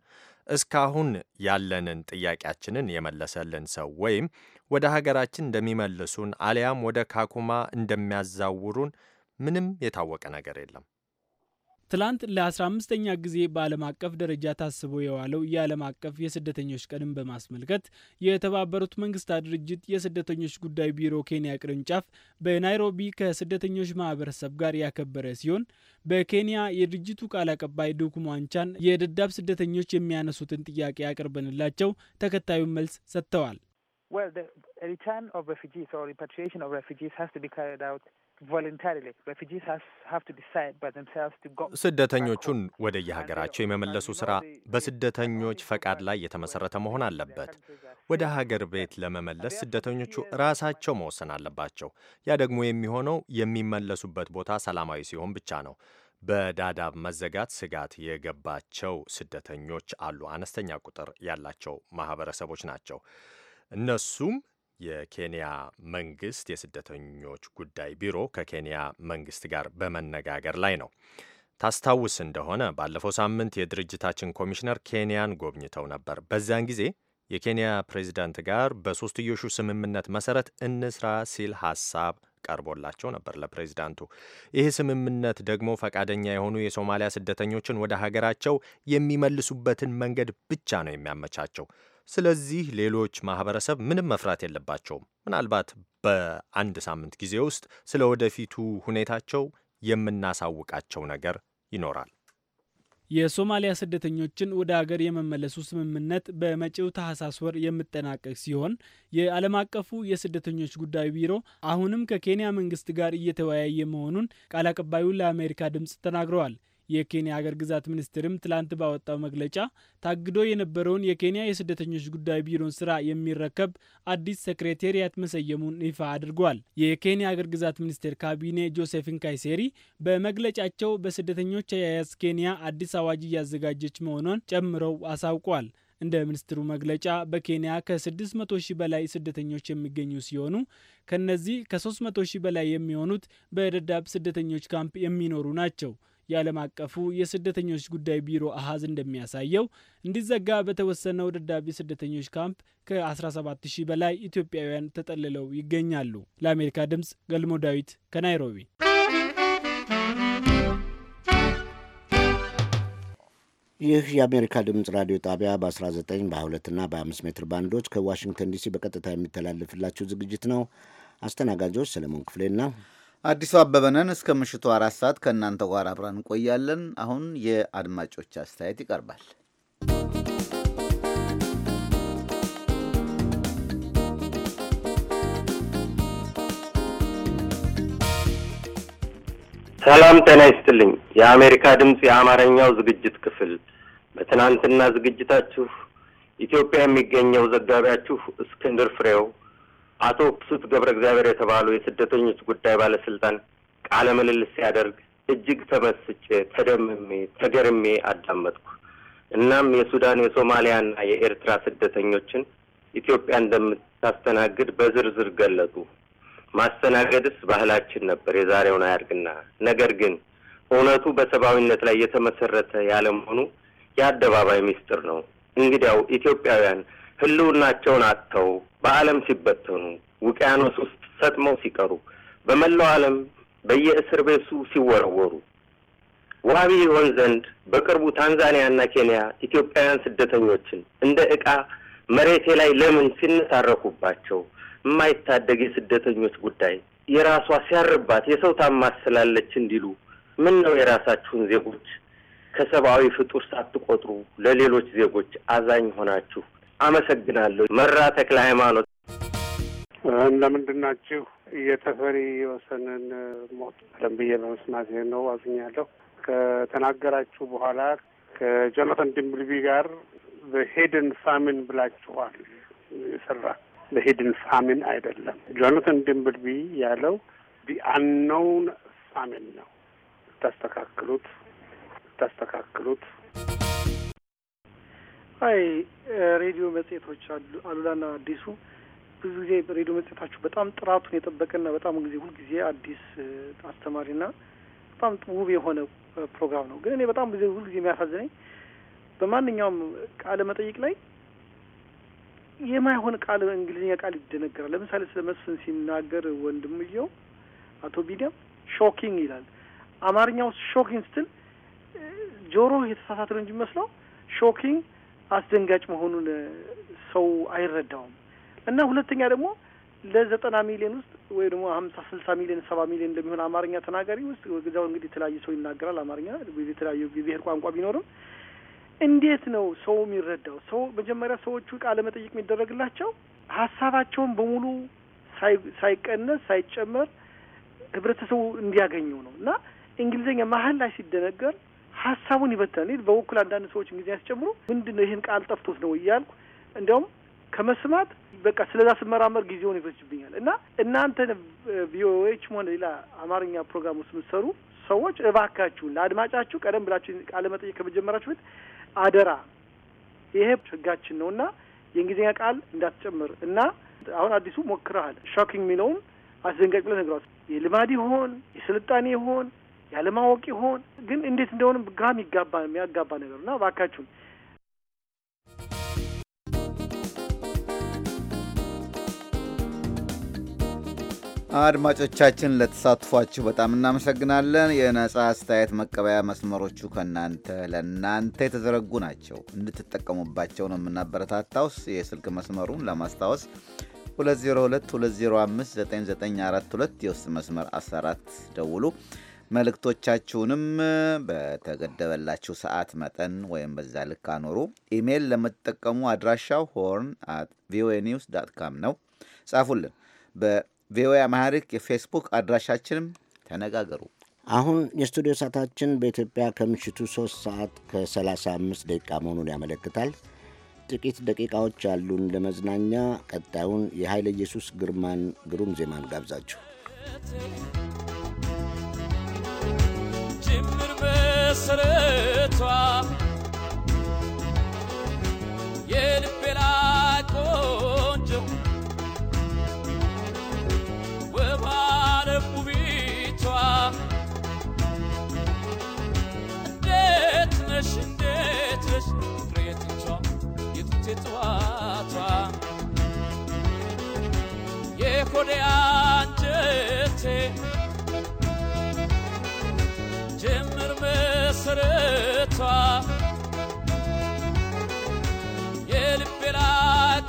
እስካሁን ያለንን ጥያቄያችንን የመለሰልን ሰው ወይም ወደ ሀገራችን እንደሚመልሱን አሊያም ወደ ካኩማ እንደሚያዛውሩን ምንም የታወቀ ነገር የለም። ትላንት ለ15ኛ ጊዜ በዓለም አቀፍ ደረጃ ታስቦ የዋለው የዓለም አቀፍ የስደተኞች ቀንን በማስመልከት የተባበሩት መንግስታት ድርጅት የስደተኞች ጉዳይ ቢሮ ኬንያ ቅርንጫፍ በናይሮቢ ከስደተኞች ማህበረሰብ ጋር ያከበረ ሲሆን በኬንያ የድርጅቱ ቃል አቀባይ ዱኩ ሟንቻን የደዳብ ስደተኞች የሚያነሱትን ጥያቄ አቅርበንላቸው ተከታዩን መልስ ሰጥተዋል። ስደተኞቹን ወደ የሀገራቸው የመመለሱ ሥራ በስደተኞች ፈቃድ ላይ የተመሠረተ መሆን አለበት። ወደ ሀገር ቤት ለመመለስ ስደተኞቹ ራሳቸው መወሰን አለባቸው። ያ ደግሞ የሚሆነው የሚመለሱበት ቦታ ሰላማዊ ሲሆን ብቻ ነው። በዳዳብ መዘጋት ስጋት የገባቸው ስደተኞች አሉ። አነስተኛ ቁጥር ያላቸው ማህበረሰቦች ናቸው። እነሱም የኬንያ መንግስት የስደተኞች ጉዳይ ቢሮ ከኬንያ መንግስት ጋር በመነጋገር ላይ ነው። ታስታውስ እንደሆነ ባለፈው ሳምንት የድርጅታችን ኮሚሽነር ኬንያን ጎብኝተው ነበር። በዚያን ጊዜ የኬንያ ፕሬዚዳንት ጋር በሶስትዮሹ ስምምነት መሰረት እንስራ ሲል ሀሳብ ቀርቦላቸው ነበር ለፕሬዚዳንቱ። ይህ ስምምነት ደግሞ ፈቃደኛ የሆኑ የሶማሊያ ስደተኞችን ወደ ሀገራቸው የሚመልሱበትን መንገድ ብቻ ነው የሚያመቻቸው። ስለዚህ ሌሎች ማህበረሰብ ምንም መፍራት የለባቸውም። ምናልባት በአንድ ሳምንት ጊዜ ውስጥ ስለ ወደፊቱ ሁኔታቸው የምናሳውቃቸው ነገር ይኖራል። የሶማሊያ ስደተኞችን ወደ አገር የመመለሱ ስምምነት በመጪው ታህሳስ ወር የሚጠናቀቅ ሲሆን የዓለም አቀፉ የስደተኞች ጉዳይ ቢሮ አሁንም ከኬንያ መንግስት ጋር እየተወያየ መሆኑን ቃል አቀባዩ ለአሜሪካ ድምፅ ተናግረዋል። የኬንያ አገር ግዛት ሚኒስቴርም ትላንት ባወጣው መግለጫ ታግዶ የነበረውን የኬንያ የስደተኞች ጉዳይ ቢሮን ስራ የሚረከብ አዲስ ሴክሬቴሪያት መሰየሙን ይፋ አድርጓል። የኬንያ አገር ግዛት ሚኒስቴር ካቢኔ ጆሴፊን ካይሴሪ በመግለጫቸው በስደተኞች አያያዝ ኬንያ አዲስ አዋጅ እያዘጋጀች መሆኗን ጨምረው አሳውቋል። እንደ ሚኒስትሩ መግለጫ በኬንያ ከ600 ሺህ በላይ ስደተኞች የሚገኙ ሲሆኑ ከነዚህ ከ300 ሺህ በላይ የሚሆኑት በደዳብ ስደተኞች ካምፕ የሚኖሩ ናቸው። የዓለም አቀፉ የስደተኞች ጉዳይ ቢሮ አሀዝ እንደሚያሳየው እንዲዘጋ በተወሰነው ደዳቢ ስደተኞች ካምፕ ከ17 ሺህ በላይ ኢትዮጵያውያን ተጠልለው ይገኛሉ። ለአሜሪካ ድምፅ ገልሞ ዳዊት ከናይሮቢ። ይህ የአሜሪካ ድምፅ ራዲዮ ጣቢያ በ19 በ2ና በ5 ሜትር ባንዶች ከዋሽንግተን ዲሲ በቀጥታ የሚተላለፍላችሁ ዝግጅት ነው። አስተናጋጆች ሰለሞን ክፍሌና አዲሱ አበበነን እስከ ምሽቱ አራት ሰዓት ከእናንተ ጋር አብረን እንቆያለን። አሁን የአድማጮች አስተያየት ይቀርባል። ሰላም ጤና ይስጥልኝ። የአሜሪካ ድምፅ የአማርኛው ዝግጅት ክፍል በትናንትና ዝግጅታችሁ ኢትዮጵያ የሚገኘው ዘጋቢያችሁ እስክንድር ፍሬው አቶ ክሱት ገብረ እግዚአብሔር የተባሉ የስደተኞች ጉዳይ ባለስልጣን ቃለ ምልልስ ሲያደርግ እጅግ ተመስጬ ተደምሜ ተገርሜ አዳመጥኩ። እናም የሱዳን የሶማሊያና የኤርትራ ስደተኞችን ኢትዮጵያ እንደምታስተናግድ በዝርዝር ገለጡ። ማስተናገድስ ባህላችን ነበር፣ የዛሬውን አያርግና። ነገር ግን እውነቱ በሰብአዊነት ላይ የተመሰረተ ያለመሆኑ የአደባባይ ሚስጥር ነው። እንግዲያው ኢትዮጵያውያን ህልውናቸውን አጥተው በዓለም ሲበተኑ ውቅያኖስ ውስጥ ሰጥመው ሲቀሩ በመላው ዓለም በየእስር ቤቱ ሲወረወሩ ዋቢ ይሆን ዘንድ በቅርቡ ታንዛኒያና ኬንያ ኢትዮጵያውያን ስደተኞችን እንደ ዕቃ መሬቴ ላይ ለምን ሲነታረኩባቸው የማይታደግ የስደተኞች ጉዳይ የራሷ ሲያርባት የሰው ታማስላለች እንዲሉ ምን ነው የራሳችሁን ዜጎች ከሰብአዊ ፍጡር ሳትቆጥሩ ለሌሎች ዜጎች አዛኝ ሆናችሁ አመሰግናለሁ። መራ ተክለ ሃይማኖት እንደምንድን ናችሁ? የተፈሪ ወሰንን ሞት ቀደም ብዬ ነው አዝኛለሁ። ከተናገራችሁ በኋላ ከጆናታን ድምብልቢ ጋር በሄድን ፋሚን ብላችኋል። የሰራ በሄድን ፋሚን አይደለም። ጆናታን ድምብልቢ ያለው ቢአንነውን ፋሚን ነው። ታስተካክሉት ብታስተካክሉት አይ ሬዲዮ መጽሄቶች አሉላና አዲሱ ብዙ ጊዜ ሬዲዮ መጽሄታችሁ በጣም ጥራቱን የጠበቀና በጣም ጊዜ ሁልጊዜ አዲስ አስተማሪና በጣም ውብ የሆነ ፕሮግራም ነው። ግን እኔ በጣም ጊዜ ሁልጊዜ የሚያሳዝነኝ በማንኛውም ቃለ መጠይቅ ላይ የማይሆን ቃል እንግሊዝኛ ቃል ይደነገራል። ለምሳሌ ስለ መስፍን ሲናገር ወንድምየው አቶ ቢዲያም ሾኪንግ ይላል። አማርኛው ሾኪንግ ስትል ጆሮ የተሳሳተ ነው እንጂ መስለው ሾኪንግ አስደንጋጭ መሆኑን ሰው አይረዳውም። እና ሁለተኛ ደግሞ ለዘጠና ሚሊዮን ውስጥ ወይ ደግሞ ሀምሳ ስልሳ ሚሊዮን ሰባ ሚሊዮን እንደሚሆን አማርኛ ተናጋሪ ውስጥ ወደዚያው እንግዲህ የተለያዩ ሰው ይናገራል አማርኛ የተለያዩ ብሔር ቋንቋ ቢኖርም እንዴት ነው ሰው የሚረዳው? ሰው መጀመሪያ ሰዎቹ ቃለ መጠየቅ የሚደረግላቸው ሀሳባቸውን በሙሉ ሳይቀነስ ሳይጨመር ህብረተሰቡ እንዲያገኘው ነው እና እንግሊዝኛ መሀል ላይ ሲደነገር ሀሳቡን ይበታል። በበኩል አንዳንድ ሰዎች እንግዲህ ያስጨምሩ ምንድን ነው ይህን ቃል ጠፍቶት ነው እያልኩ እንዲያውም ከመስማት በቃ ስለዛ ስመራመር ጊዜውን ይፈጅብኛል እና እናንተ ቪኦኤዎችም ሆነ ሌላ አማርኛ ፕሮግራም ውስጥ የምትሰሩ ሰዎች እባካችሁን ለአድማጫችሁ ቀደም ብላችሁ ቃለ መጠየቅ ከመጀመራችሁ ፊት አደራ ይሄ ህጋችን ነው እና የእንግሊዝኛ ቃል እንዳትጨምር እና አሁን አዲሱ ሞክረሃል ሾኪንግ የሚለውን አስደንጋጭ ብለህ ነግረዋል። የልማድ ይሆን የስልጣኔ ይሆን ያለማወቅ ይሆን ግን እንዴት እንደሆነ ጋር የሚጋባ የሚያጋባ ነገር እና እባካችሁን አድማጮቻችን ለተሳትፏችሁ በጣም እናመሰግናለን። የነጻ አስተያየት መቀበያ መስመሮቹ ከእናንተ ለእናንተ የተዘረጉ ናቸው። እንድትጠቀሙባቸው ነው የምናበረታታውስ። የስልክ መስመሩን ለማስታወስ 202 2022059942 የውስጥ መስመር 14 ደውሉ። መልእክቶቻችሁንም በተገደበላችሁ ሰዓት መጠን ወይም በዛ ልክ አኖሩ። ኢሜይል ለምትጠቀሙ አድራሻው ሆርን አት ቪኦኤ ኒውስ ዳት ካም ነው፣ ጻፉልን። በቪኦኤ አማሪክ የፌስቡክ አድራሻችንም ተነጋገሩ። አሁን የስቱዲዮ ሰዓታችን በኢትዮጵያ ከምሽቱ 3 ሰዓት ከ35 ደቂቃ መሆኑን ያመለክታል። ጥቂት ደቂቃዎች ያሉን ለመዝናኛ ቀጣዩን የኃይለ ኢየሱስ ግርማን ግሩም ዜማን ጋብዛችሁ ጅምር መሰረቷ የልቤ ላቅ ቆንጆ ወባረቡ ቤቷ እንዴት ነሽ እንዴት ነሽ ቅሬትቿ የጡቴ ጥዋቷ የኮዴ አንጀቴ መሰረቷ የልቤላ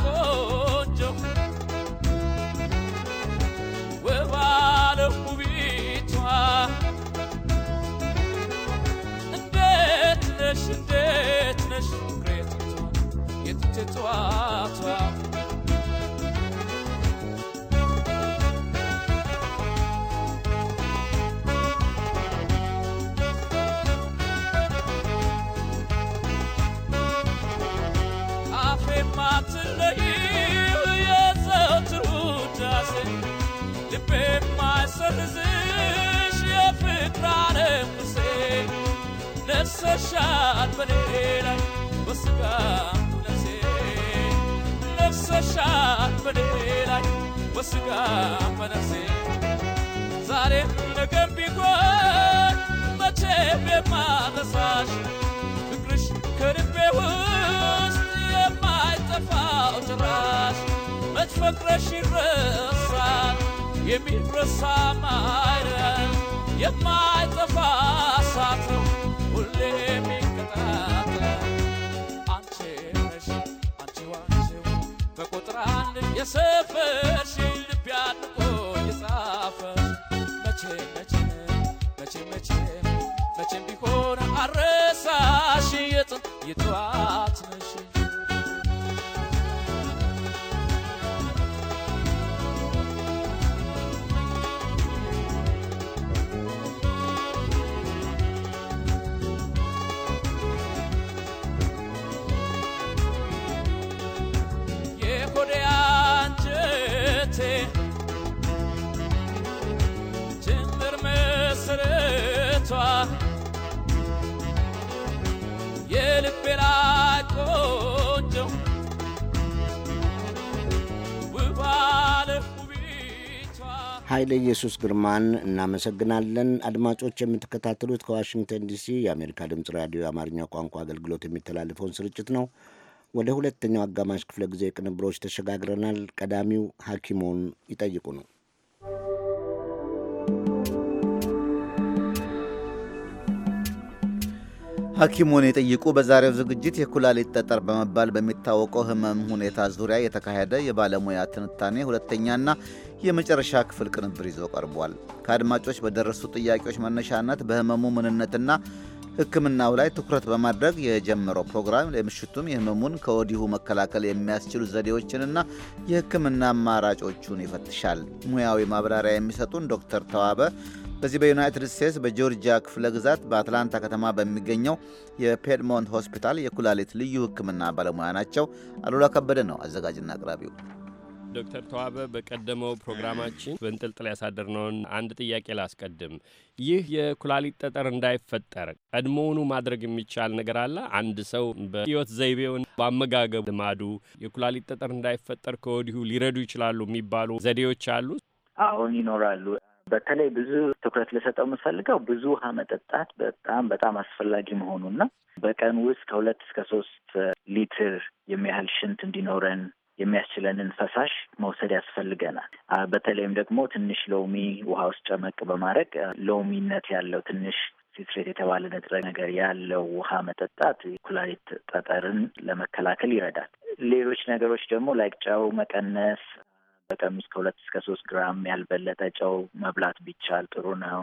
ቆንጆ ውባለ ውቢቷ እንዴት ነሽ እንዴት ነሽ ፍቅሬ ትቷ ወንዝሽ የፍቅር ዓለም ሙሴ ነፍሰሻል በልቤ ላይ በስጋ ነፍሴ ነፍሰሻል በልቤ ላይ በስጋ በነፍሴ ዛሬም ነገም ቢሆን መቼም የማረሳሽ ፍቅርሽ ከልቤ ውስጥ የማይጠፋው ጭራሽ መች ፈቅረሽ ይረሳል የሚረሳ ማይረግ የማይጠፋ እሳት ሁሌ የሚቀጣጠል። አንቺ ነሽ አንቺ ዋንቺው በቁጥር አንድ የሰፈር ኃይለ ኢየሱስ ግርማን እናመሰግናለን። አድማጮች የምትከታተሉት ከዋሽንግተን ዲሲ የአሜሪካ ድምፅ ራዲዮ የአማርኛ ቋንቋ አገልግሎት የሚተላለፈውን ስርጭት ነው። ወደ ሁለተኛው አጋማሽ ክፍለ ጊዜ ቅንብሮች ተሸጋግረናል። ቀዳሚው ሐኪሙን ይጠይቁ ነው። ሐኪሙን የጠይቁ በዛሬው ዝግጅት የኩላሊት ጠጠር በመባል በሚታወቀው ህመም ሁኔታ ዙሪያ የተካሄደ የባለሙያ ትንታኔ ሁለተኛና የመጨረሻ ክፍል ቅንብር ይዞ ቀርቧል። ከአድማጮች በደረሱ ጥያቄዎች መነሻነት በህመሙ ምንነትና ሕክምናው ላይ ትኩረት በማድረግ የጀመረው ፕሮግራም ለምሽቱም የህመሙን ከወዲሁ መከላከል የሚያስችሉ ዘዴዎችንና የሕክምና አማራጮቹን ይፈትሻል። ሙያዊ ማብራሪያ የሚሰጡን ዶክተር ተዋበ በዚህ በዩናይትድ ስቴትስ በጆርጂያ ክፍለ ግዛት በአትላንታ ከተማ በሚገኘው የፔድሞንት ሆስፒታል የኩላሊት ልዩ ሕክምና ባለሙያ ናቸው። አሉላ ከበደ ነው አዘጋጅና አቅራቢው። ዶክተር ተዋበ በቀደመው ፕሮግራማችን በንጥልጥል ያሳደርነውን አንድ ጥያቄ ላስቀድም። ይህ የኩላሊት ጠጠር እንዳይፈጠር ቀድሞውኑ ማድረግ የሚቻል ነገር አለ? አንድ ሰው በህይወት ዘይቤውን፣ በአመጋገብ ልማዱ የኩላሊት ጠጠር እንዳይፈጠር ከወዲሁ ሊረዱ ይችላሉ የሚባሉ ዘዴዎች አሉ? አሁን ይኖራሉ። በተለይ ብዙ ትኩረት ልሰጠው የምፈልገው ብዙ ውሃ መጠጣት በጣም በጣም አስፈላጊ መሆኑና በቀን ውስጥ ከሁለት እስከ ሶስት ሊትር የሚያህል ሽንት እንዲኖረን የሚያስችለንን ፈሳሽ መውሰድ ያስፈልገናል። በተለይም ደግሞ ትንሽ ሎሚ ውሃ ውስጥ ጨመቅ በማድረግ ሎሚነት ያለው ትንሽ ሲትሬት የተባለ ንጥረ ነገር ያለው ውሃ መጠጣት ኩላሊት ጠጠርን ለመከላከል ይረዳል። ሌሎች ነገሮች ደግሞ ላይክ ጨው መቀነስ፣ በቀን እስከ ሁለት እስከ ሶስት ግራም ያልበለጠ ጨው መብላት ቢቻል ጥሩ ነው።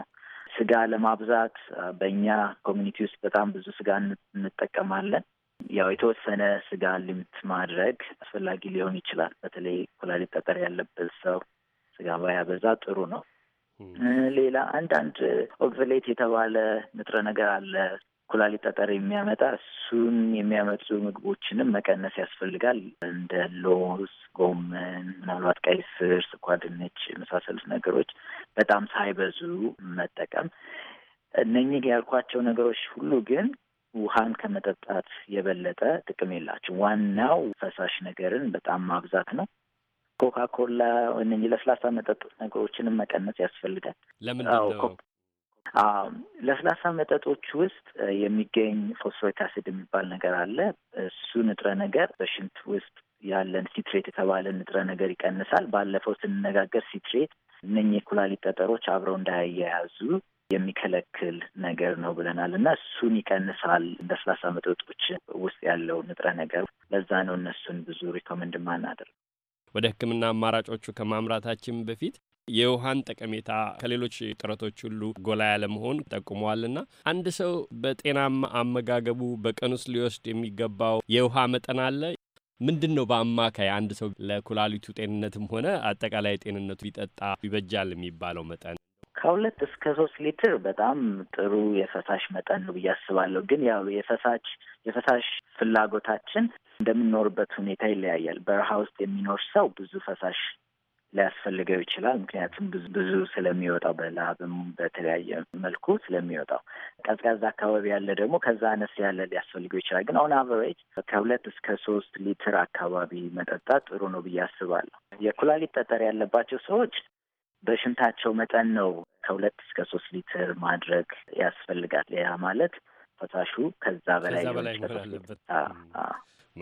ስጋ ለማብዛት በእኛ ኮሚኒቲ ውስጥ በጣም ብዙ ስጋ እንጠቀማለን። ያው የተወሰነ ስጋ ሊምት ማድረግ አስፈላጊ ሊሆን ይችላል። በተለይ ኩላሊት ጠጠር ያለበት ሰው ስጋ ባያበዛ ጥሩ ነው። ሌላ አንዳንድ ኦግዝሌት የተባለ ንጥረ ነገር አለ ኩላሊት ጠጠር የሚያመጣ እሱን የሚያመጡ ምግቦችንም መቀነስ ያስፈልጋል። እንደ ሎዝ፣ ጎመን፣ ምናልባት ቀይ ስር፣ ስኳር ድንች የመሳሰሉት ነገሮች በጣም ሳይበዙ መጠቀም። እነኚህ ያልኳቸው ነገሮች ሁሉ ግን ውሃን ከመጠጣት የበለጠ ጥቅም የላቸው። ዋናው ፈሳሽ ነገርን በጣም ማብዛት ነው። ኮካ ኮላ፣ እነኚህ ለስላሳ መጠጥ ነገሮችንም መቀነስ ያስፈልጋል። ለምንድን ነው ለስላሳ መጠጦች ውስጥ የሚገኝ ፎስፎሪክ አሲድ የሚባል ነገር አለ። እሱ ንጥረ ነገር በሽንት ውስጥ ያለን ሲትሬት የተባለ ንጥረ ነገር ይቀንሳል። ባለፈው ስንነጋገር ሲትሬት እነኚህ የኩላሊት ጠጠሮች አብረው እንዳያያዙ የሚከለክል ነገር ነው ብለናል እና እሱን ይቀንሳል ለስላሳ መጠጦች ውስጥ ያለው ንጥረ ነገር። ለዛ ነው እነሱን ብዙ ሪኮመንድ ማናደርግ። ወደ ሕክምና አማራጮቹ ከማምራታችን በፊት የውሃን ጠቀሜታ ከሌሎች ጥረቶች ሁሉ ጎላ ያለ መሆን ጠቁመዋልና አንድ ሰው በጤናማ አመጋገቡ በቀን ውስጥ ሊወስድ የሚገባው የውሃ መጠን አለ? ምንድን ነው በአማካይ አንድ ሰው ለኩላሊቱ ጤንነትም ሆነ አጠቃላይ ጤንነቱ ሊጠጣ ይበጃል የሚባለው መጠን? ከሁለት እስከ ሶስት ሊትር በጣም ጥሩ የፈሳሽ መጠን ነው ብዬ አስባለሁ። ግን ያው የፈሳሽ የፈሳሽ ፍላጎታችን እንደምንኖርበት ሁኔታ ይለያያል። በረሃ ውስጥ የሚኖር ሰው ብዙ ፈሳሽ ሊያስፈልገው ይችላል። ምክንያቱም ብዙ ብዙ ስለሚወጣው በላብም በተለያየ መልኩ ስለሚወጣው ቀዝቃዛ አካባቢ ያለ ደግሞ ከዛ አነስ ያለ ሊያስፈልገው ይችላል። ግን ኦን አቨሬጅ ከሁለት እስከ ሶስት ሊትር አካባቢ መጠጣት ጥሩ ነው ብዬ አስባለሁ። የኩላሊት ጠጠር ያለባቸው ሰዎች በሽንታቸው መጠን ነው ከሁለት እስከ ሶስት ሊትር ማድረግ ያስፈልጋል። ያ ማለት ፈሳሹ ከዛ በላይ ሊሆን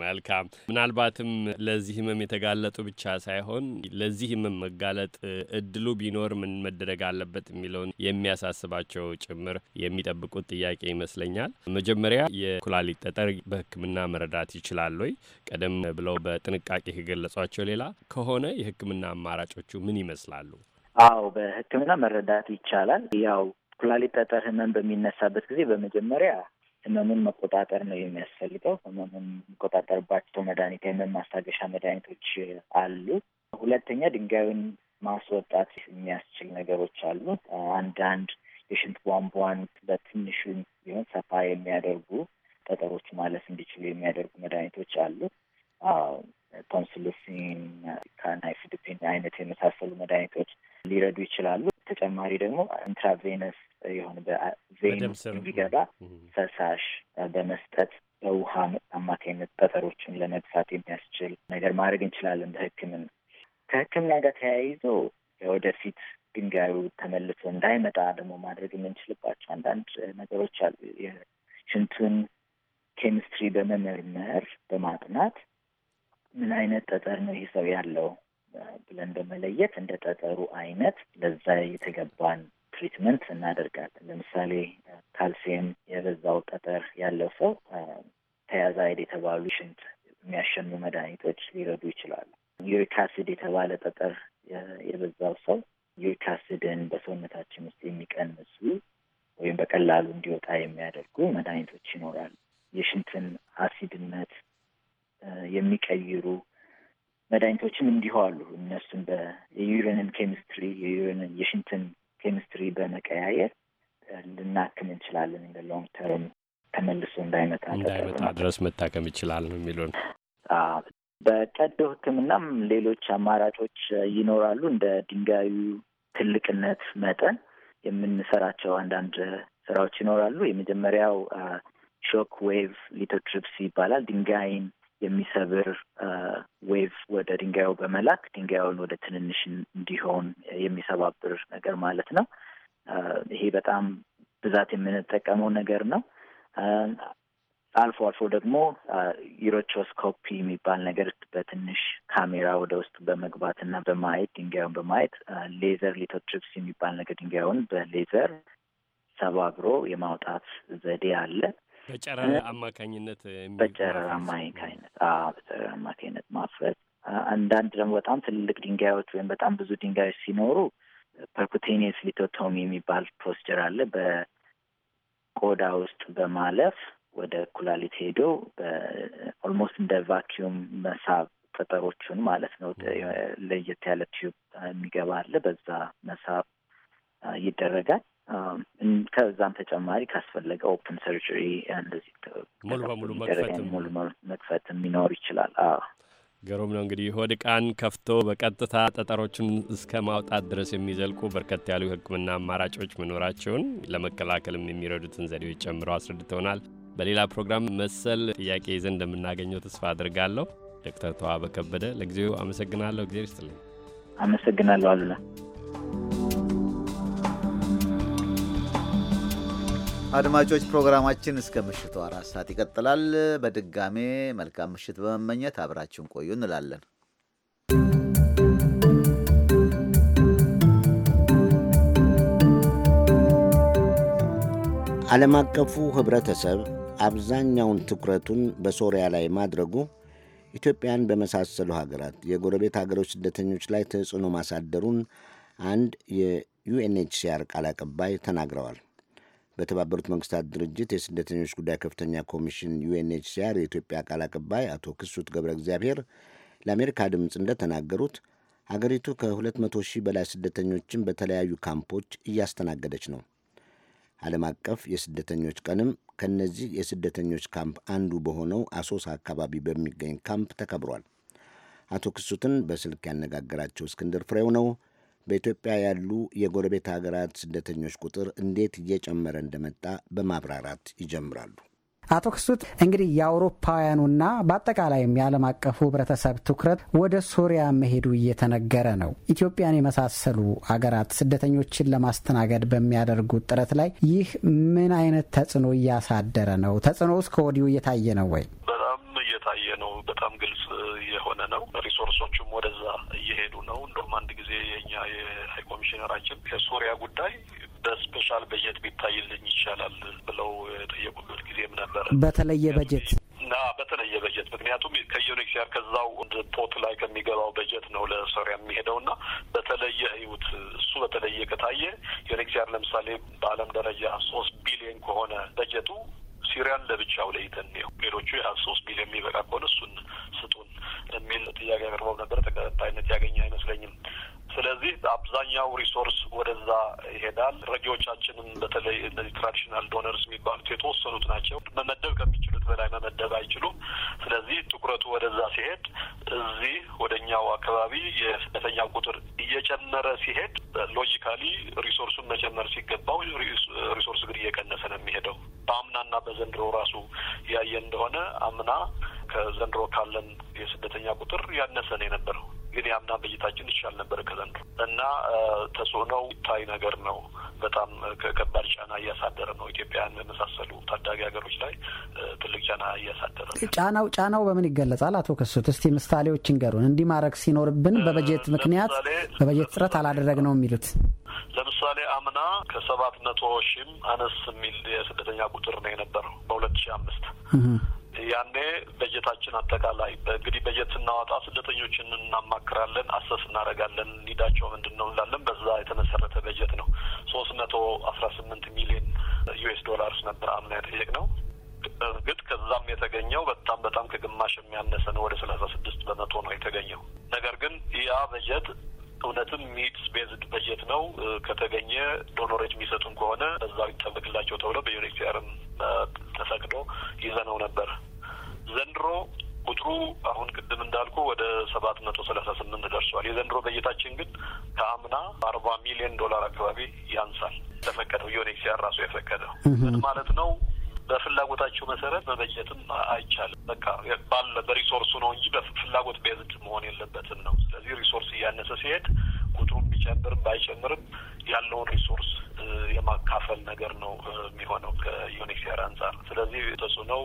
መልካም። ምናልባትም ለዚህ ህመም የተጋለጡ ብቻ ሳይሆን ለዚህ ህመም መጋለጥ እድሉ ቢኖር ምን መደረግ አለበት የሚለውን የሚያሳስባቸው ጭምር የሚጠብቁት ጥያቄ ይመስለኛል። መጀመሪያ የኩላሊት ጠጠር በህክምና መረዳት ይችላል ወይ? ቀደም ብለው በጥንቃቄ ከገለጿቸው ሌላ ከሆነ የህክምና አማራጮቹ ምን ይመስላሉ? አዎ በህክምና መረዳት ይቻላል። ያው ኩላሊት ጠጠር ህመም በሚነሳበት ጊዜ በመጀመሪያ ህመሙን መቆጣጠር ነው የሚያስፈልገው። ህመሙን የሚቆጣጠርባቸው መድኃኒት የህመም ማስታገሻ መድኃኒቶች አሉ። ሁለተኛ ድንጋዩን ማስወጣት የሚያስችል ነገሮች አሉ። አንዳንድ የሽንት ቧንቧን በትንሹም ቢሆን ሰፋ የሚያደርጉ ጠጠሮች ማለፍ እንዲችሉ የሚያደርጉ መድኃኒቶች አሉ። ቶንስሊሲን፣ ካናይፍድፒን አይነት የመሳሰሉ መድኃኒቶች ሊረዱ ይችላሉ። ተጨማሪ ደግሞ ኢንትራቬነስ የሆነ በቬን የሚገባ ፈሳሽ በመስጠት በውሃ አማካኝነት ጠጠሮችን ለመግፋት የሚያስችል ነገር ማድረግ እንችላለን በሕክምና ከሕክምና ጋር ተያይዞ ወደፊት ድንጋዩ ተመልሶ እንዳይመጣ ደግሞ ማድረግ የምንችልባቸው አንዳንድ ነገሮች አሉ። የሽንቱን ኬሚስትሪ በመመርመር በማጥናት ምን አይነት ጠጠር ነው ይህ ሰው ያለው ብለን በመለየት እንደ ጠጠሩ አይነት ለዛ የተገባን ትሪትመንት እናደርጋለን። ለምሳሌ ካልሲየም የበዛው ጠጠር ያለው ሰው ተያዛይድ የተባሉ ሽንት የሚያሸኑ መድኃኒቶች ሊረዱ ይችላሉ። ዩሪክ አሲድ የተባለ ጠጠር የበዛው ሰው ዩሪክ አሲድን በሰውነታችን ውስጥ የሚቀንሱ ወይም በቀላሉ እንዲወጣ የሚያደርጉ መድኃኒቶች ይኖራሉ። የሽንትን አሲድነት የሚቀይሩ መድኃኒቶችም እንዲሁ አሉ። እነሱም የዩሪንን ኬሚስትሪ የዩሪንን የሽንትን ኬሚስትሪ በመቀያየር ልናክም እንችላለን። እንደ ሎንግ ተርም ተመልሶ እንዳይመጣ እንዳይመጣ ድረስ መታከም ይችላል ነው የሚሉን። በቀዶ ሕክምናም ሌሎች አማራጮች ይኖራሉ። እንደ ድንጋዩ ትልቅነት መጠን የምንሰራቸው አንዳንድ ስራዎች ይኖራሉ። የመጀመሪያው ሾክ ዌቭ ሊቶትሪፕሲ ይባላል። ድንጋይን የሚሰብር ዌቭ ወደ ድንጋዩ በመላክ ድንጋዩን ወደ ትንንሽ እንዲሆን የሚሰባብር ነገር ማለት ነው። ይሄ በጣም ብዛት የምንጠቀመው ነገር ነው። አልፎ አልፎ ደግሞ ኢሮቾስኮፒ የሚባል ነገር በትንሽ ካሜራ ወደ ውስጥ በመግባት እና በማየት ድንጋዩን በማየት ሌዘር ሊቶትሪፕሲ የሚባል ነገር ድንጋዩን በሌዘር ሰባብሮ የማውጣት ዘዴ አለ። በጨረር አማካኝነት በጨረር አማካኝነት በጨረር አማካኝነት ማፍረት አንዳንድ ደግሞ በጣም ትልልቅ ድንጋዮች ወይም በጣም ብዙ ድንጋዮች ሲኖሩ ፐርኩቴኒየስ ሊቶቶሚ የሚባል ፕሮሲጀር አለ። በቆዳ ውስጥ በማለፍ ወደ ኩላሊት ሄዶ ኦልሞስት እንደ ቫኪዩም መሳብ ጠጠሮቹን ማለት ነው። ለየት ያለ ቲዩብ የሚገባ አለ። በዛ መሳብ ይደረጋል። Um, ከዛም ተጨማሪ ካስፈለገ ኦፕን ሰርጀሪ እንደዚህ ሙሉ በሙሉ መክፈትም ሙሉ መክፈትም ሊኖር ይችላል። ገሮም ነው እንግዲህ ሆድ ቃን ከፍቶ በቀጥታ ጠጠሮችን እስከ ማውጣት ድረስ የሚዘልቁ በርከት ያሉ የሕክምና አማራጮች መኖራቸውን ለመከላከልም የሚረዱትን ዘዴዎች ጨምሮ አስረድተውናል። በሌላ ፕሮግራም መሰል ጥያቄ ይዘን እንደምናገኘው ተስፋ አድርጋለሁ። ዶክተር ተዋበ ከበደ ለጊዜው አመሰግናለሁ። እግዜር ይስጥልኝ። አመሰግናለሁ አሉላ። አድማጮች ፕሮግራማችን እስከ ምሽቱ አራት ሰዓት ይቀጥላል። በድጋሜ መልካም ምሽት በመመኘት አብራችን ቆዩ እንላለን። ዓለም አቀፉ ኅብረተሰብ አብዛኛውን ትኩረቱን በሶሪያ ላይ ማድረጉ ኢትዮጵያን በመሳሰሉ ሀገራት የጎረቤት ሀገሮች ስደተኞች ላይ ተጽዕኖ ማሳደሩን አንድ የዩኤንኤችሲአር ቃል አቀባይ ተናግረዋል። በተባበሩት መንግስታት ድርጅት የስደተኞች ጉዳይ ከፍተኛ ኮሚሽን ዩኤንኤችሲአር የኢትዮጵያ ቃል አቀባይ አቶ ክሱት ገብረ እግዚአብሔር ለአሜሪካ ድምፅ እንደተናገሩት ሀገሪቱ ከ200 ሺህ በላይ ስደተኞችን በተለያዩ ካምፖች እያስተናገደች ነው። ዓለም አቀፍ የስደተኞች ቀንም ከነዚህ የስደተኞች ካምፕ አንዱ በሆነው አሶሳ አካባቢ በሚገኝ ካምፕ ተከብሯል። አቶ ክሱትን በስልክ ያነጋገራቸው እስክንድር ፍሬው ነው። በኢትዮጵያ ያሉ የጎረቤት ሀገራት ስደተኞች ቁጥር እንዴት እየጨመረ እንደመጣ በማብራራት ይጀምራሉ። አቶ ክሱት እንግዲህ የአውሮፓውያኑና በአጠቃላይም የዓለም አቀፉ ሕብረተሰብ ትኩረት ወደ ሶሪያ መሄዱ እየተነገረ ነው። ኢትዮጵያን የመሳሰሉ አገራት ስደተኞችን ለማስተናገድ በሚያደርጉት ጥረት ላይ ይህ ምን አይነት ተጽዕኖ እያሳደረ ነው? ተጽዕኖ ውስጥ ከወዲሁ እየታየ ነው ወይ? እየታየ ነው። በጣም ግልጽ የሆነ ነው። ሪሶርሶቹም ወደዛ እየሄዱ ነው። እንደውም አንድ ጊዜ የእኛ የሀይ ኮሚሽነራችን የሱሪያ ጉዳይ በስፔሻል በጀት ቢታይልኝ ይቻላል ብለው የጠየቁበት ጊዜም ነበረ። በተለየ በጀት እና በተለየ በጀት ምክንያቱም ከዩኒክሲያር ከዛው ፖት ላይ ከሚገባው በጀት ነው ለሶሪያ የሚሄደው እና በተለየ ህይወት እሱ በተለየ ከታየ ዩኒክሲያር ለምሳሌ በዓለም ደረጃ ሶስት ቢሊዮን ከሆነ በጀቱ ሲሪያን ለብቻው ለይተን ነው ሌሎቹ የሀያ ሶስት ቢሊዮን የሚበቃ ከሆነ እሱን ስጡን የሚል ጥያቄ አቅርበው ነበር። ተቀባይነት ያገኘ አይመስለኝም። ስለዚህ አብዛኛው ሪሶርስ ወደዛ ይሄዳል። ረጂዎቻችንም በተለይ እነዚህ ትራዲሽናል ዶነርስ የሚባሉት የተወሰኑት ናቸው። መመደብ ከሚችሉት በላይ መመደብ አይችሉም። ስለዚህ ትኩረቱ ወደዛ ሲሄድ እዚህ ወደኛው አካባቢ የስደተኛ ቁጥር እየጨመረ ሲሄድ ሎጂካሊ ሪሶርሱን መጨመር ሲገባው ሪሶርስ ግን እየቀነሰ ነው የሚሄደው። በአምናና በዘንድሮ ራሱ ያየ እንደሆነ አምና ከዘንድሮ ካለን የስደተኛ ቁጥር ያነሰ ነው የነበረው። ግን ያምና በጀታችን ይሻል ነበር ከዘንድሮ እና ተጽዕኖው ይታይ ነገር ነው። በጣም ከባድ ጫና እያሳደረ ነው። ኢትዮጵያን በመሳሰሉ ታዳጊ ሀገሮች ላይ ትልቅ ጫና እያሳደረ ነው። ጫናው ጫናው በምን ይገለጻል? አቶ ክሱት እስቲ ምሳሌዎችን ገሩን። እንዲህ ማድረግ ሲኖርብን በበጀት ምክንያት በበጀት እጥረት አላደረግ ነው የሚሉት ለምሳሌ አምና ከሰባት መቶ ሺህም አነስ የሚል የስደተኛ ቁጥር ነው የነበረው በሁለት ሺህ አምስት ያኔ በጀታችን አጠቃላይ እንግዲህ በጀት ስናወጣ ስደተኞችን እናማክራለን፣ አሰስ እናደርጋለን፣ ኒዳቸው ምንድን ነው እንላለን። በዛ የተመሰረተ በጀት ነው። ሶስት መቶ አስራ ስምንት ሚሊዮን ዩኤስ ዶላርስ ነበር አምና የጠየቅነው። እርግጥ ከዛም የተገኘው በጣም በጣም ከግማሽ የሚያነሰ ነው። ወደ ሰላሳ ስድስት በመቶ ነው የተገኘው። ነገር ግን ያ በጀት እውነትም ኒድስ ቤዝድ በጀት ነው። ከተገኘ ዶኖሮች የሚሰጡን ከሆነ እዛው ይጠበቅላቸው ተብሎ በዩኤንኤችሲአርም ተፈቅዶ ይዘነው ነበር። ዘንድሮ ቁጥሩ አሁን ቅድም እንዳልኩ ወደ ሰባት መቶ ሰላሳ ስምንት ደርሷል። የዘንድሮ በጀታችን ግን ከአምና አርባ ሚሊዮን ዶላር አካባቢ ያንሳል። ተፈቀደው ዩኤንኤችሲአር ራሱ የፈቀደው ምን ማለት ነው? በፍላጎታቸው መሰረት መበጀትም አይቻልም። በቃ ባለ በሪሶርሱ ነው እንጂ በፍላጎት ቤዝድ መሆን የለበትም ነው። ስለዚህ ሪሶርስ እያነሰ ሲሄድ ቁጥሩም ቢጨምርም ባይጨምርም ያለውን ሪሶርስ የማካፈል ነገር ነው የሚሆነው ከዩኒክሴር አንጻር። ስለዚህ ተጽዕኖው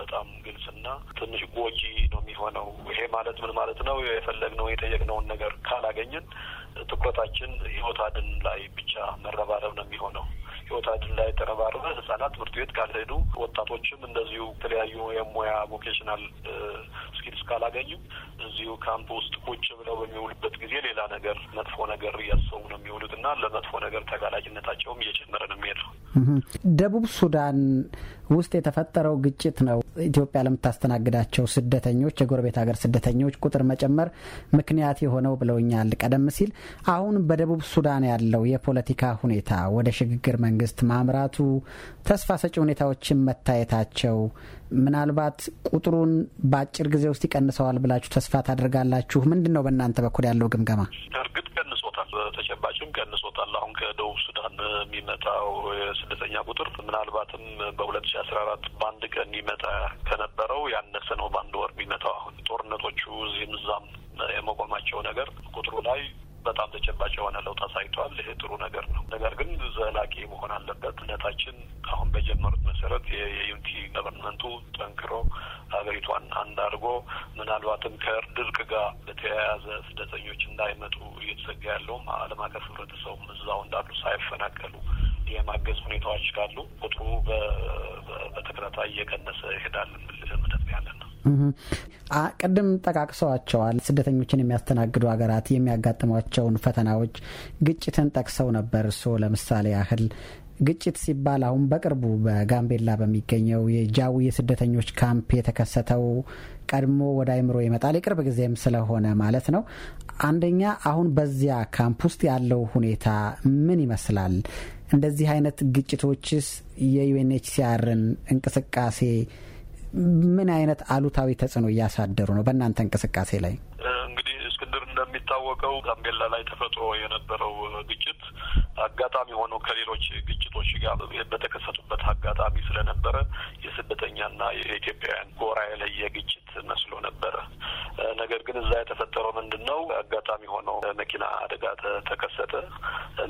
በጣም ግልጽና ትንሽ ጎጂ ነው የሚሆነው። ይሄ ማለት ምን ማለት ነው? የፈለግነው የጠየቅነውን ነገር ካላገኘን ትኩረታችን ህይወት አድን ላይ ብቻ መረባረብ ነው የሚሆነው። ሕይወት አድን ላይ ተረባርበ ህጻናት ትምህርት ቤት ካልሄዱ ወጣቶችም እንደዚሁ የተለያዩ የሙያ ቮኬሽናል እስኪ ካላገኙ እዚሁ ካምፕ ውስጥ ቁጭ ብለው በሚውሉበት ጊዜ ሌላ ነገር መጥፎ ነገር እያሰቡ ነው የሚውሉት እና ለመጥፎ ነገር ተጋላጭነታቸውም እየጨመረ ነው የሚሄድ። ደቡብ ሱዳን ውስጥ የተፈጠረው ግጭት ነው ኢትዮጵያ ለምታስተናግዳቸው ስደተኞች የጎረቤት ሀገር ስደተኞች ቁጥር መጨመር ምክንያት የሆነው ብለውኛል። ቀደም ሲል አሁን በደቡብ ሱዳን ያለው የፖለቲካ ሁኔታ ወደ ሽግግር መንግስት ማምራቱ ተስፋ ሰጪ ሁኔታዎችን መታየታቸው ምናልባት ቁጥሩን በአጭር ጊዜ ውስጥ ይቀንሰዋል ብላችሁ ተስፋ ታደርጋላችሁ? ምንድን ነው በእናንተ በኩል ያለው ግምገማ? እርግጥ ቀንሶታል፣ በተጨባጭም ቀንሶታል። አሁን ከደቡብ ሱዳን የሚመጣው የስደተኛ ቁጥር ምናልባትም በሁለት ሺ አስራ አራት በአንድ ቀን ይመጣ ከነበረው ያነሰ ነው። በአንድ ወር የሚመጣው አሁን ጦርነቶቹ እዚህም እዛም የመቆማቸው ነገር ቁጥሩ ላይ በጣም ተጨባጭ የሆነ ለውጥ አሳይተዋል። ይሄ ጥሩ ነገር ነው። ነገር ግን ዘላቂ መሆን አለበት። እምነታችን አሁን በጀመሩት መሰረት የዩኒቲ ገቨርንመንቱ ጠንክሮ ሀገሪቷን አንድ አድርጎ ምናልባትም ከድርቅ ጋር በተያያዘ ስደተኞች እንዳይመጡ እየተሰጋ ያለውም ዓለም አቀፍ ህብረተሰቡ እዛው እንዳሉ ሳይፈናቀሉ የማገዝ ሁኔታዎች ካሉ ቁጥሩ በተከታታይ እየቀነሰ ይሄዳል። ምልህ እምነት ያለን ቅድም ጠቃቅሰዋቸዋል። ስደተኞችን የሚያስተናግዱ ሀገራት የሚያጋጥሟቸውን ፈተናዎች፣ ግጭትን ጠቅሰው ነበር። እርስዎ ለምሳሌ ያህል ግጭት ሲባል አሁን በቅርቡ በጋምቤላ በሚገኘው የጃዊ የስደተኞች ካምፕ የተከሰተው ቀድሞ ወደ አይምሮ ይመጣል። የቅርብ ጊዜም ስለሆነ ማለት ነው። አንደኛ አሁን በዚያ ካምፕ ውስጥ ያለው ሁኔታ ምን ይመስላል? እንደዚህ አይነት ግጭቶችስ የዩኤንኤችሲአርን እንቅስቃሴ ምን አይነት አሉታዊ ተጽዕኖ እያሳደሩ ነው በእናንተ እንቅስቃሴ ላይ? እንግዲህ እስክንድር እንደሚታወቀው ጋምቤላ ላይ ተፈጥሮ የነበረው ግጭት አጋጣሚ ሆኖ ከሌሎች ግጭቶች ጋር በተከሰቱበት አጋጣሚ ስለነበረ የስደተኛና የኢትዮጵያውያን ጎራ የለየ ግጭት መስሎ ነበረ። ነገር ግን እዛ የተፈጠረው ምንድን ነው? አጋጣሚ ሆኖ መኪና አደጋ ተከሰተ።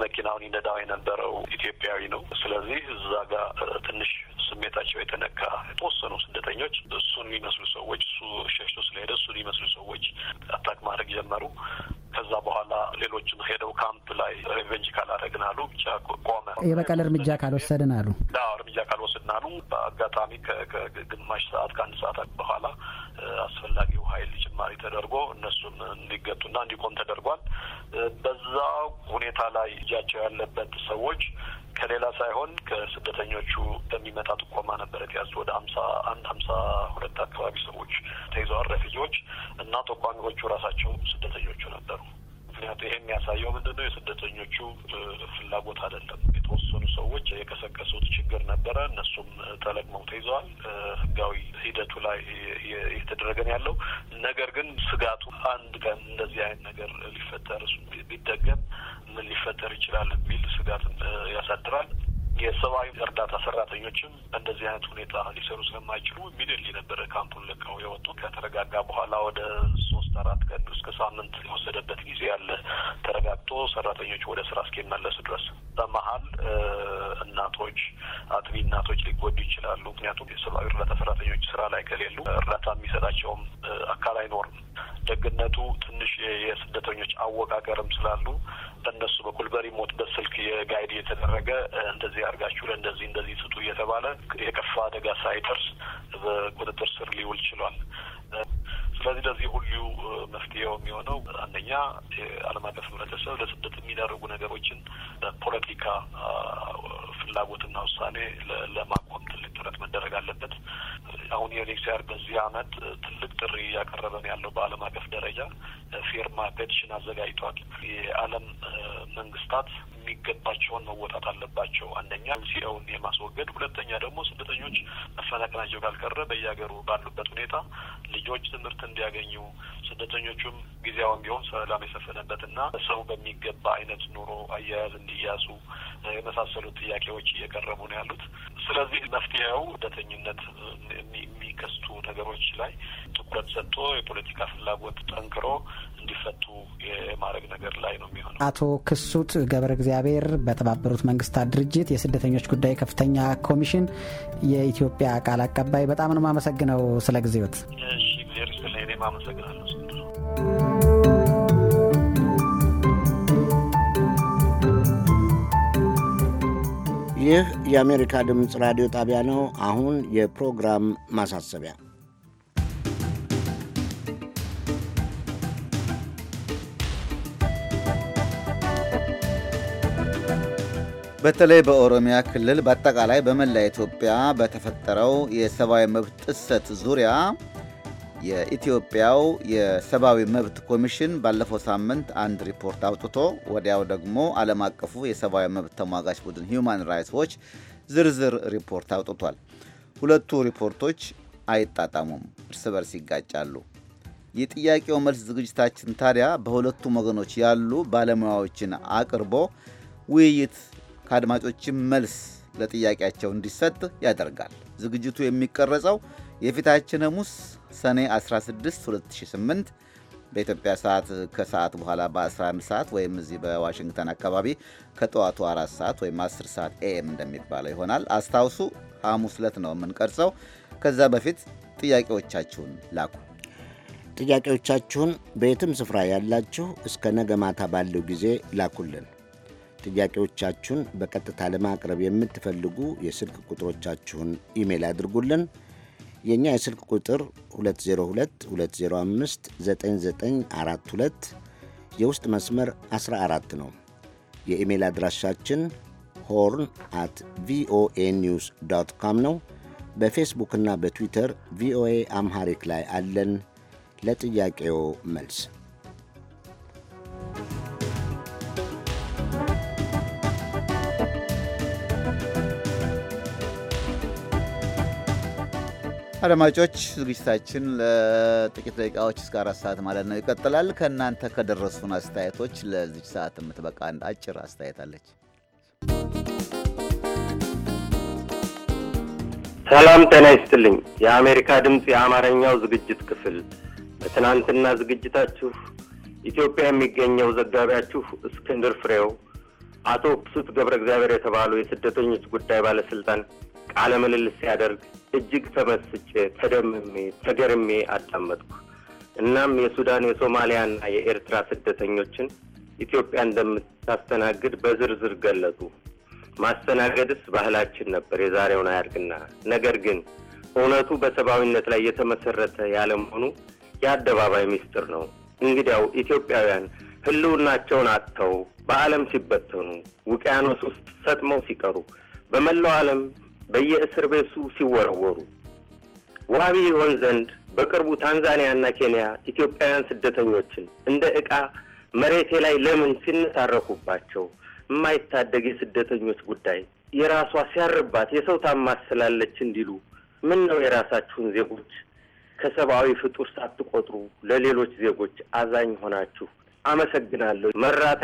መኪናውን ይነዳው የነበረው ኢትዮጵያዊ ነው። ስለዚህ እዛ ጋር ትንሽ ስሜታቸው የተነካ የተወሰኑ ስደተኞች እሱን የሚመስሉ ሰዎች እሱ ሸሽቶ ስለሄደ እሱን የሚመስሉ ሰዎች አታክ ማድረግ ጀመሩ። ከዛ በኋላ ሌሎችም ሄደው ካምፕ ላይ ሬቨንጅ ካላደረግን አሉ ብቻ ቆመ። የበቀል እርምጃ ካልወሰድን አሉ እርምጃ ካልወሰድን አሉ። በአጋጣሚ ከግማሽ ሰዓት ከአንድ ሰዓት በኋላ አስፈላጊው ኃይል ጭማሪ ተደርጎ እነሱም እንዲገጡና እንዲቆም ተደርጓል። በዛ ሁኔታ ላይ እጃቸው ያለበት ሰዎች ከሌላ ሳይሆን ከስደተኞቹ በሚመጣ ጥቆማ ነበረ የተያዙት። ወደ ሀምሳ አንድ ሀምሳ ሁለት አካባቢ ሰዎች ተይዘዋል። ረፍዬዎች እና ጠቋሚዎቹ ራሳቸው ስደተኞቹ ነበሩ። ምክንያቱ ይሄ የሚያሳየው ምንድነው የስደተኞቹ ፍላጎት አይደለም። የተወሰኑ ሰዎች የቀሰቀሱት ችግር ነበረ። እነሱም ተለቅመው ተይዘዋል። ህጋዊ ሂደቱ ላይ እየተደረገን ያለው ነገር ግን ስጋቱ አንድ ቀን እንደዚህ አይነት ነገር ሊፈጠር ቢደገም ምን ሊፈጠር ይችላል የሚል ስጋት ያሳድራል። የሰብአዊ እርዳታ ሰራተኞችም በእንደዚህ አይነት ሁኔታ ሊሰሩ ስለማይችሉ ሚድል የነበረ ካምፑን ለቀው የወጡ ከተረጋጋ በኋላ ወደ ሶስት አራት ቀን እስከ ሳምንት የወሰደበት ጊዜ ያለ ተረጋግቶ ሰራተኞች ወደ ስራ እስኪመለሱ ድረስ በመሀል እናቶች፣ አጥቢ እናቶች ሊጎዱ ይችላሉ። ምክንያቱም የሰብአዊ እርዳታ ሰራተኞች ስራ ላይ ከሌሉ እርዳታ የሚሰጣቸውም አካል አይኖርም። ደግነቱ ትንሽ የስደተኞች አወቃቀርም ስላሉ በእነሱ በኩል በሪሞት በስልክ የጋይድ የተደረገ እንደዚህ አድርጋችሁ ለእንደዚህ እንደዚህ ስጡ እየተባለ የከፋ አደጋ ሳይደርስ በቁጥጥር ስር ሊውል ችሏል። ስለዚህ ለዚህ ሁሉ መፍትሄው የሚሆነው አንደኛ የዓለም አቀፍ ህብረተሰብ ለስደት የሚደረጉ ነገሮችን ለፖለቲካ ፍላጎትና ውሳኔ ለማቆም መንግስት ጥረት መደረግ አለበት። አሁን የኔክሲያር በዚህ አመት ትልቅ ጥሪ እያቀረበን ያለው በአለም አቀፍ ደረጃ ፊርማ ፔቲሽን አዘጋጅቷል። የአለም መንግስታት የሚገባቸውን መወጣት አለባቸው። አንደኛ ሲኤውን የማስወገድ ሁለተኛ ደግሞ ስደተኞች መፈናቀናቸው ካልቀረ በየሀገሩ ባሉበት ሁኔታ ልጆች ትምህርት እንዲያገኙ ስደተኞቹም ጊዜያውን ቢሆን ሰላም የሰፈነበትና ሰው በሚገባ አይነት ኑሮ አያያዝ እንዲያዙ የመሳሰሉት ጥያቄዎች እየቀረቡ ነው ያሉት። ስለዚህ መፍትሄው ስደተኝነት የሚከስቱ ነገሮች ላይ ትኩረት ሰጥቶ የፖለቲካ ፍላጎት ጠንክሮ እንዲፈቱ የማድረግ ነገር ላይ ነው የሚሆነው። አቶ ክሱት ገብረ እግዚአብሔር በተባበሩት መንግስታት ድርጅት የስደተኞች ጉዳይ ከፍተኛ ኮሚሽን የኢትዮጵያ ቃል አቀባይ፣ በጣም ነው የማመሰግነው ስለ ጊዜዎት። እሺ እኔም አመሰግናለሁ። ይህ የአሜሪካ ድምፅ ራዲዮ ጣቢያ ነው። አሁን የፕሮግራም ማሳሰቢያ በተለይ በኦሮሚያ ክልል በአጠቃላይ በመላ ኢትዮጵያ በተፈጠረው የሰብአዊ መብት ጥሰት ዙሪያ የኢትዮጵያው የሰብአዊ መብት ኮሚሽን ባለፈው ሳምንት አንድ ሪፖርት አውጥቶ ወዲያው ደግሞ ዓለም አቀፉ የሰብአዊ መብት ተሟጋች ቡድን ሂውማን ራይትስ ዎች ዝርዝር ሪፖርት አውጥቷል። ሁለቱ ሪፖርቶች አይጣጣሙም፣ እርስ በርስ ይጋጫሉ። የጥያቄው መልስ ዝግጅታችን ታዲያ በሁለቱም ወገኖች ያሉ ባለሙያዎችን አቅርቦ ውይይት ከአድማጮችም መልስ ለጥያቄያቸው እንዲሰጥ ያደርጋል። ዝግጅቱ የሚቀረጸው የፊታችን ሐሙስ ሰኔ 16 2008 በኢትዮጵያ ሰዓት ከሰዓት በኋላ በ11 ሰዓት ወይም እዚህ በዋሽንግተን አካባቢ ከጠዋቱ 4 ሰዓት ወይም 10 ሰዓት ኤኤም እንደሚባለው ይሆናል። አስታውሱ፣ ሐሙስ ዕለት ነው የምንቀርጸው። ከዛ በፊት ጥያቄዎቻችሁን ላኩ። ጥያቄዎቻችሁን በየትም ስፍራ ያላችሁ እስከ ነገ ማታ ባለው ጊዜ ላኩልን። ጥያቄዎቻችሁን በቀጥታ ለማቅረብ የምትፈልጉ የስልክ ቁጥሮቻችሁን ኢሜይል አድርጉልን። የእኛ የስልክ ቁጥር 2022059942 የውስጥ መስመር 14 ነው። የኢሜይል አድራሻችን ሆርን አት ቪኦኤ ኒውስ ዶት ካም ነው። በፌስቡክና በትዊተር ቪኦኤ አምሃሪክ ላይ አለን። ለጥያቄው መልስ አድማጮች ዝግጅታችን ለጥቂት ደቂቃዎች እስከ አራት ሰዓት ማለት ነው ይቀጥላል። ከእናንተ ከደረሱን አስተያየቶች ለዚች ሰዓት የምትበቃ አንድ አጭር አስተያየት አለች። ሰላም ጤና ይስጥልኝ። የአሜሪካ ድምፅ የአማርኛው ዝግጅት ክፍል በትናንትና ዝግጅታችሁ ኢትዮጵያ የሚገኘው ዘጋቢያችሁ እስክንድር ፍሬው አቶ ክሱት ገብረ እግዚአብሔር የተባሉ የስደተኞች ጉዳይ ባለስልጣን ቃለ ምልልስ ሲያደርግ እጅግ ተመስጬ ተደምሜ ተገርሜ አዳመጥኩ። እናም የሱዳን የሶማሊያና የኤርትራ ስደተኞችን ኢትዮጵያ እንደምታስተናግድ በዝርዝር ገለጹ። ማስተናገድስ ባህላችን ነበር፣ የዛሬውን አያድግና። ነገር ግን እውነቱ በሰብአዊነት ላይ የተመሰረተ ያለመሆኑ የአደባባይ ምስጢር ነው። እንግዲያው ኢትዮጵያውያን ህልውናቸውን አጥተው በዓለም ሲበተኑ፣ ውቅያኖስ ውስጥ ሰጥመው ሲቀሩ፣ በመላው ዓለም በየእስር ቤቱ ሲወረወሩ ዋቢ ይሆን ዘንድ በቅርቡ ታንዛኒያና ኬንያ ኢትዮጵያውያን ስደተኞችን እንደ ዕቃ መሬቴ ላይ ለምን ሲነታረኩባቸው የማይታደግ የስደተኞች ጉዳይ የራሷ ሲያርባት የሰው ታማስላለች እንዲሉ ምን ነው የራሳችሁን ዜጎች ከሰብአዊ ፍጡር ሳትቆጥሩ ለሌሎች ዜጎች አዛኝ ሆናችሁ አመሰግናለሁ። መራተ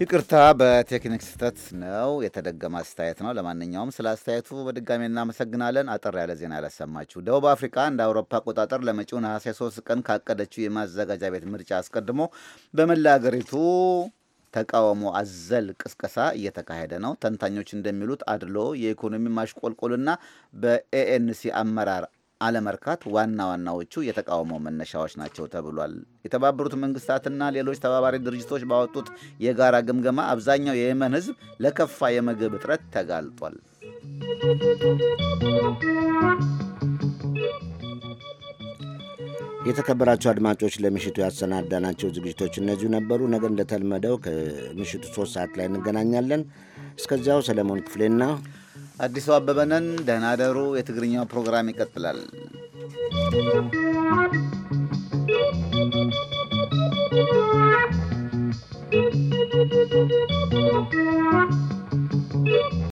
ይቅርታ በቴክኒክ ስህተት ነው የተደገመ አስተያየት ነው። ለማንኛውም ስለ አስተያየቱ በድጋሚ እናመሰግናለን። አጠር ያለ ዜና ያላሰማችሁ። ደቡብ አፍሪካ እንደ አውሮፓ አቆጣጠር ለመጪው ነሐሴ ሶስት ቀን ካቀደችው የማዘጋጃ ቤት ምርጫ አስቀድሞ በመላ አገሪቱ ተቃውሞ አዘል ቅስቀሳ እየተካሄደ ነው። ተንታኞች እንደሚሉት አድሎ፣ የኢኮኖሚ ማሽቆልቆልና በኤኤንሲ አመራር አለመርካት ዋና ዋናዎቹ የተቃውሞ መነሻዎች ናቸው ተብሏል። የተባበሩት መንግስታትና ሌሎች ተባባሪ ድርጅቶች ባወጡት የጋራ ግምገማ አብዛኛው የየመን ሕዝብ ለከፋ የምግብ እጥረት ተጋልጧል። የተከበራቸው አድማጮች ለምሽቱ ያሰናዳናቸው ዝግጅቶች እነዚሁ ነበሩ። ነገ እንደተለመደው ከምሽቱ ሶስት ሰዓት ላይ እንገናኛለን። እስከዚያው ሰለሞን ክፍሌና አዲሱ አበበነን ደህና ደሩ። የትግርኛው ፕሮግራም ይቀጥላል።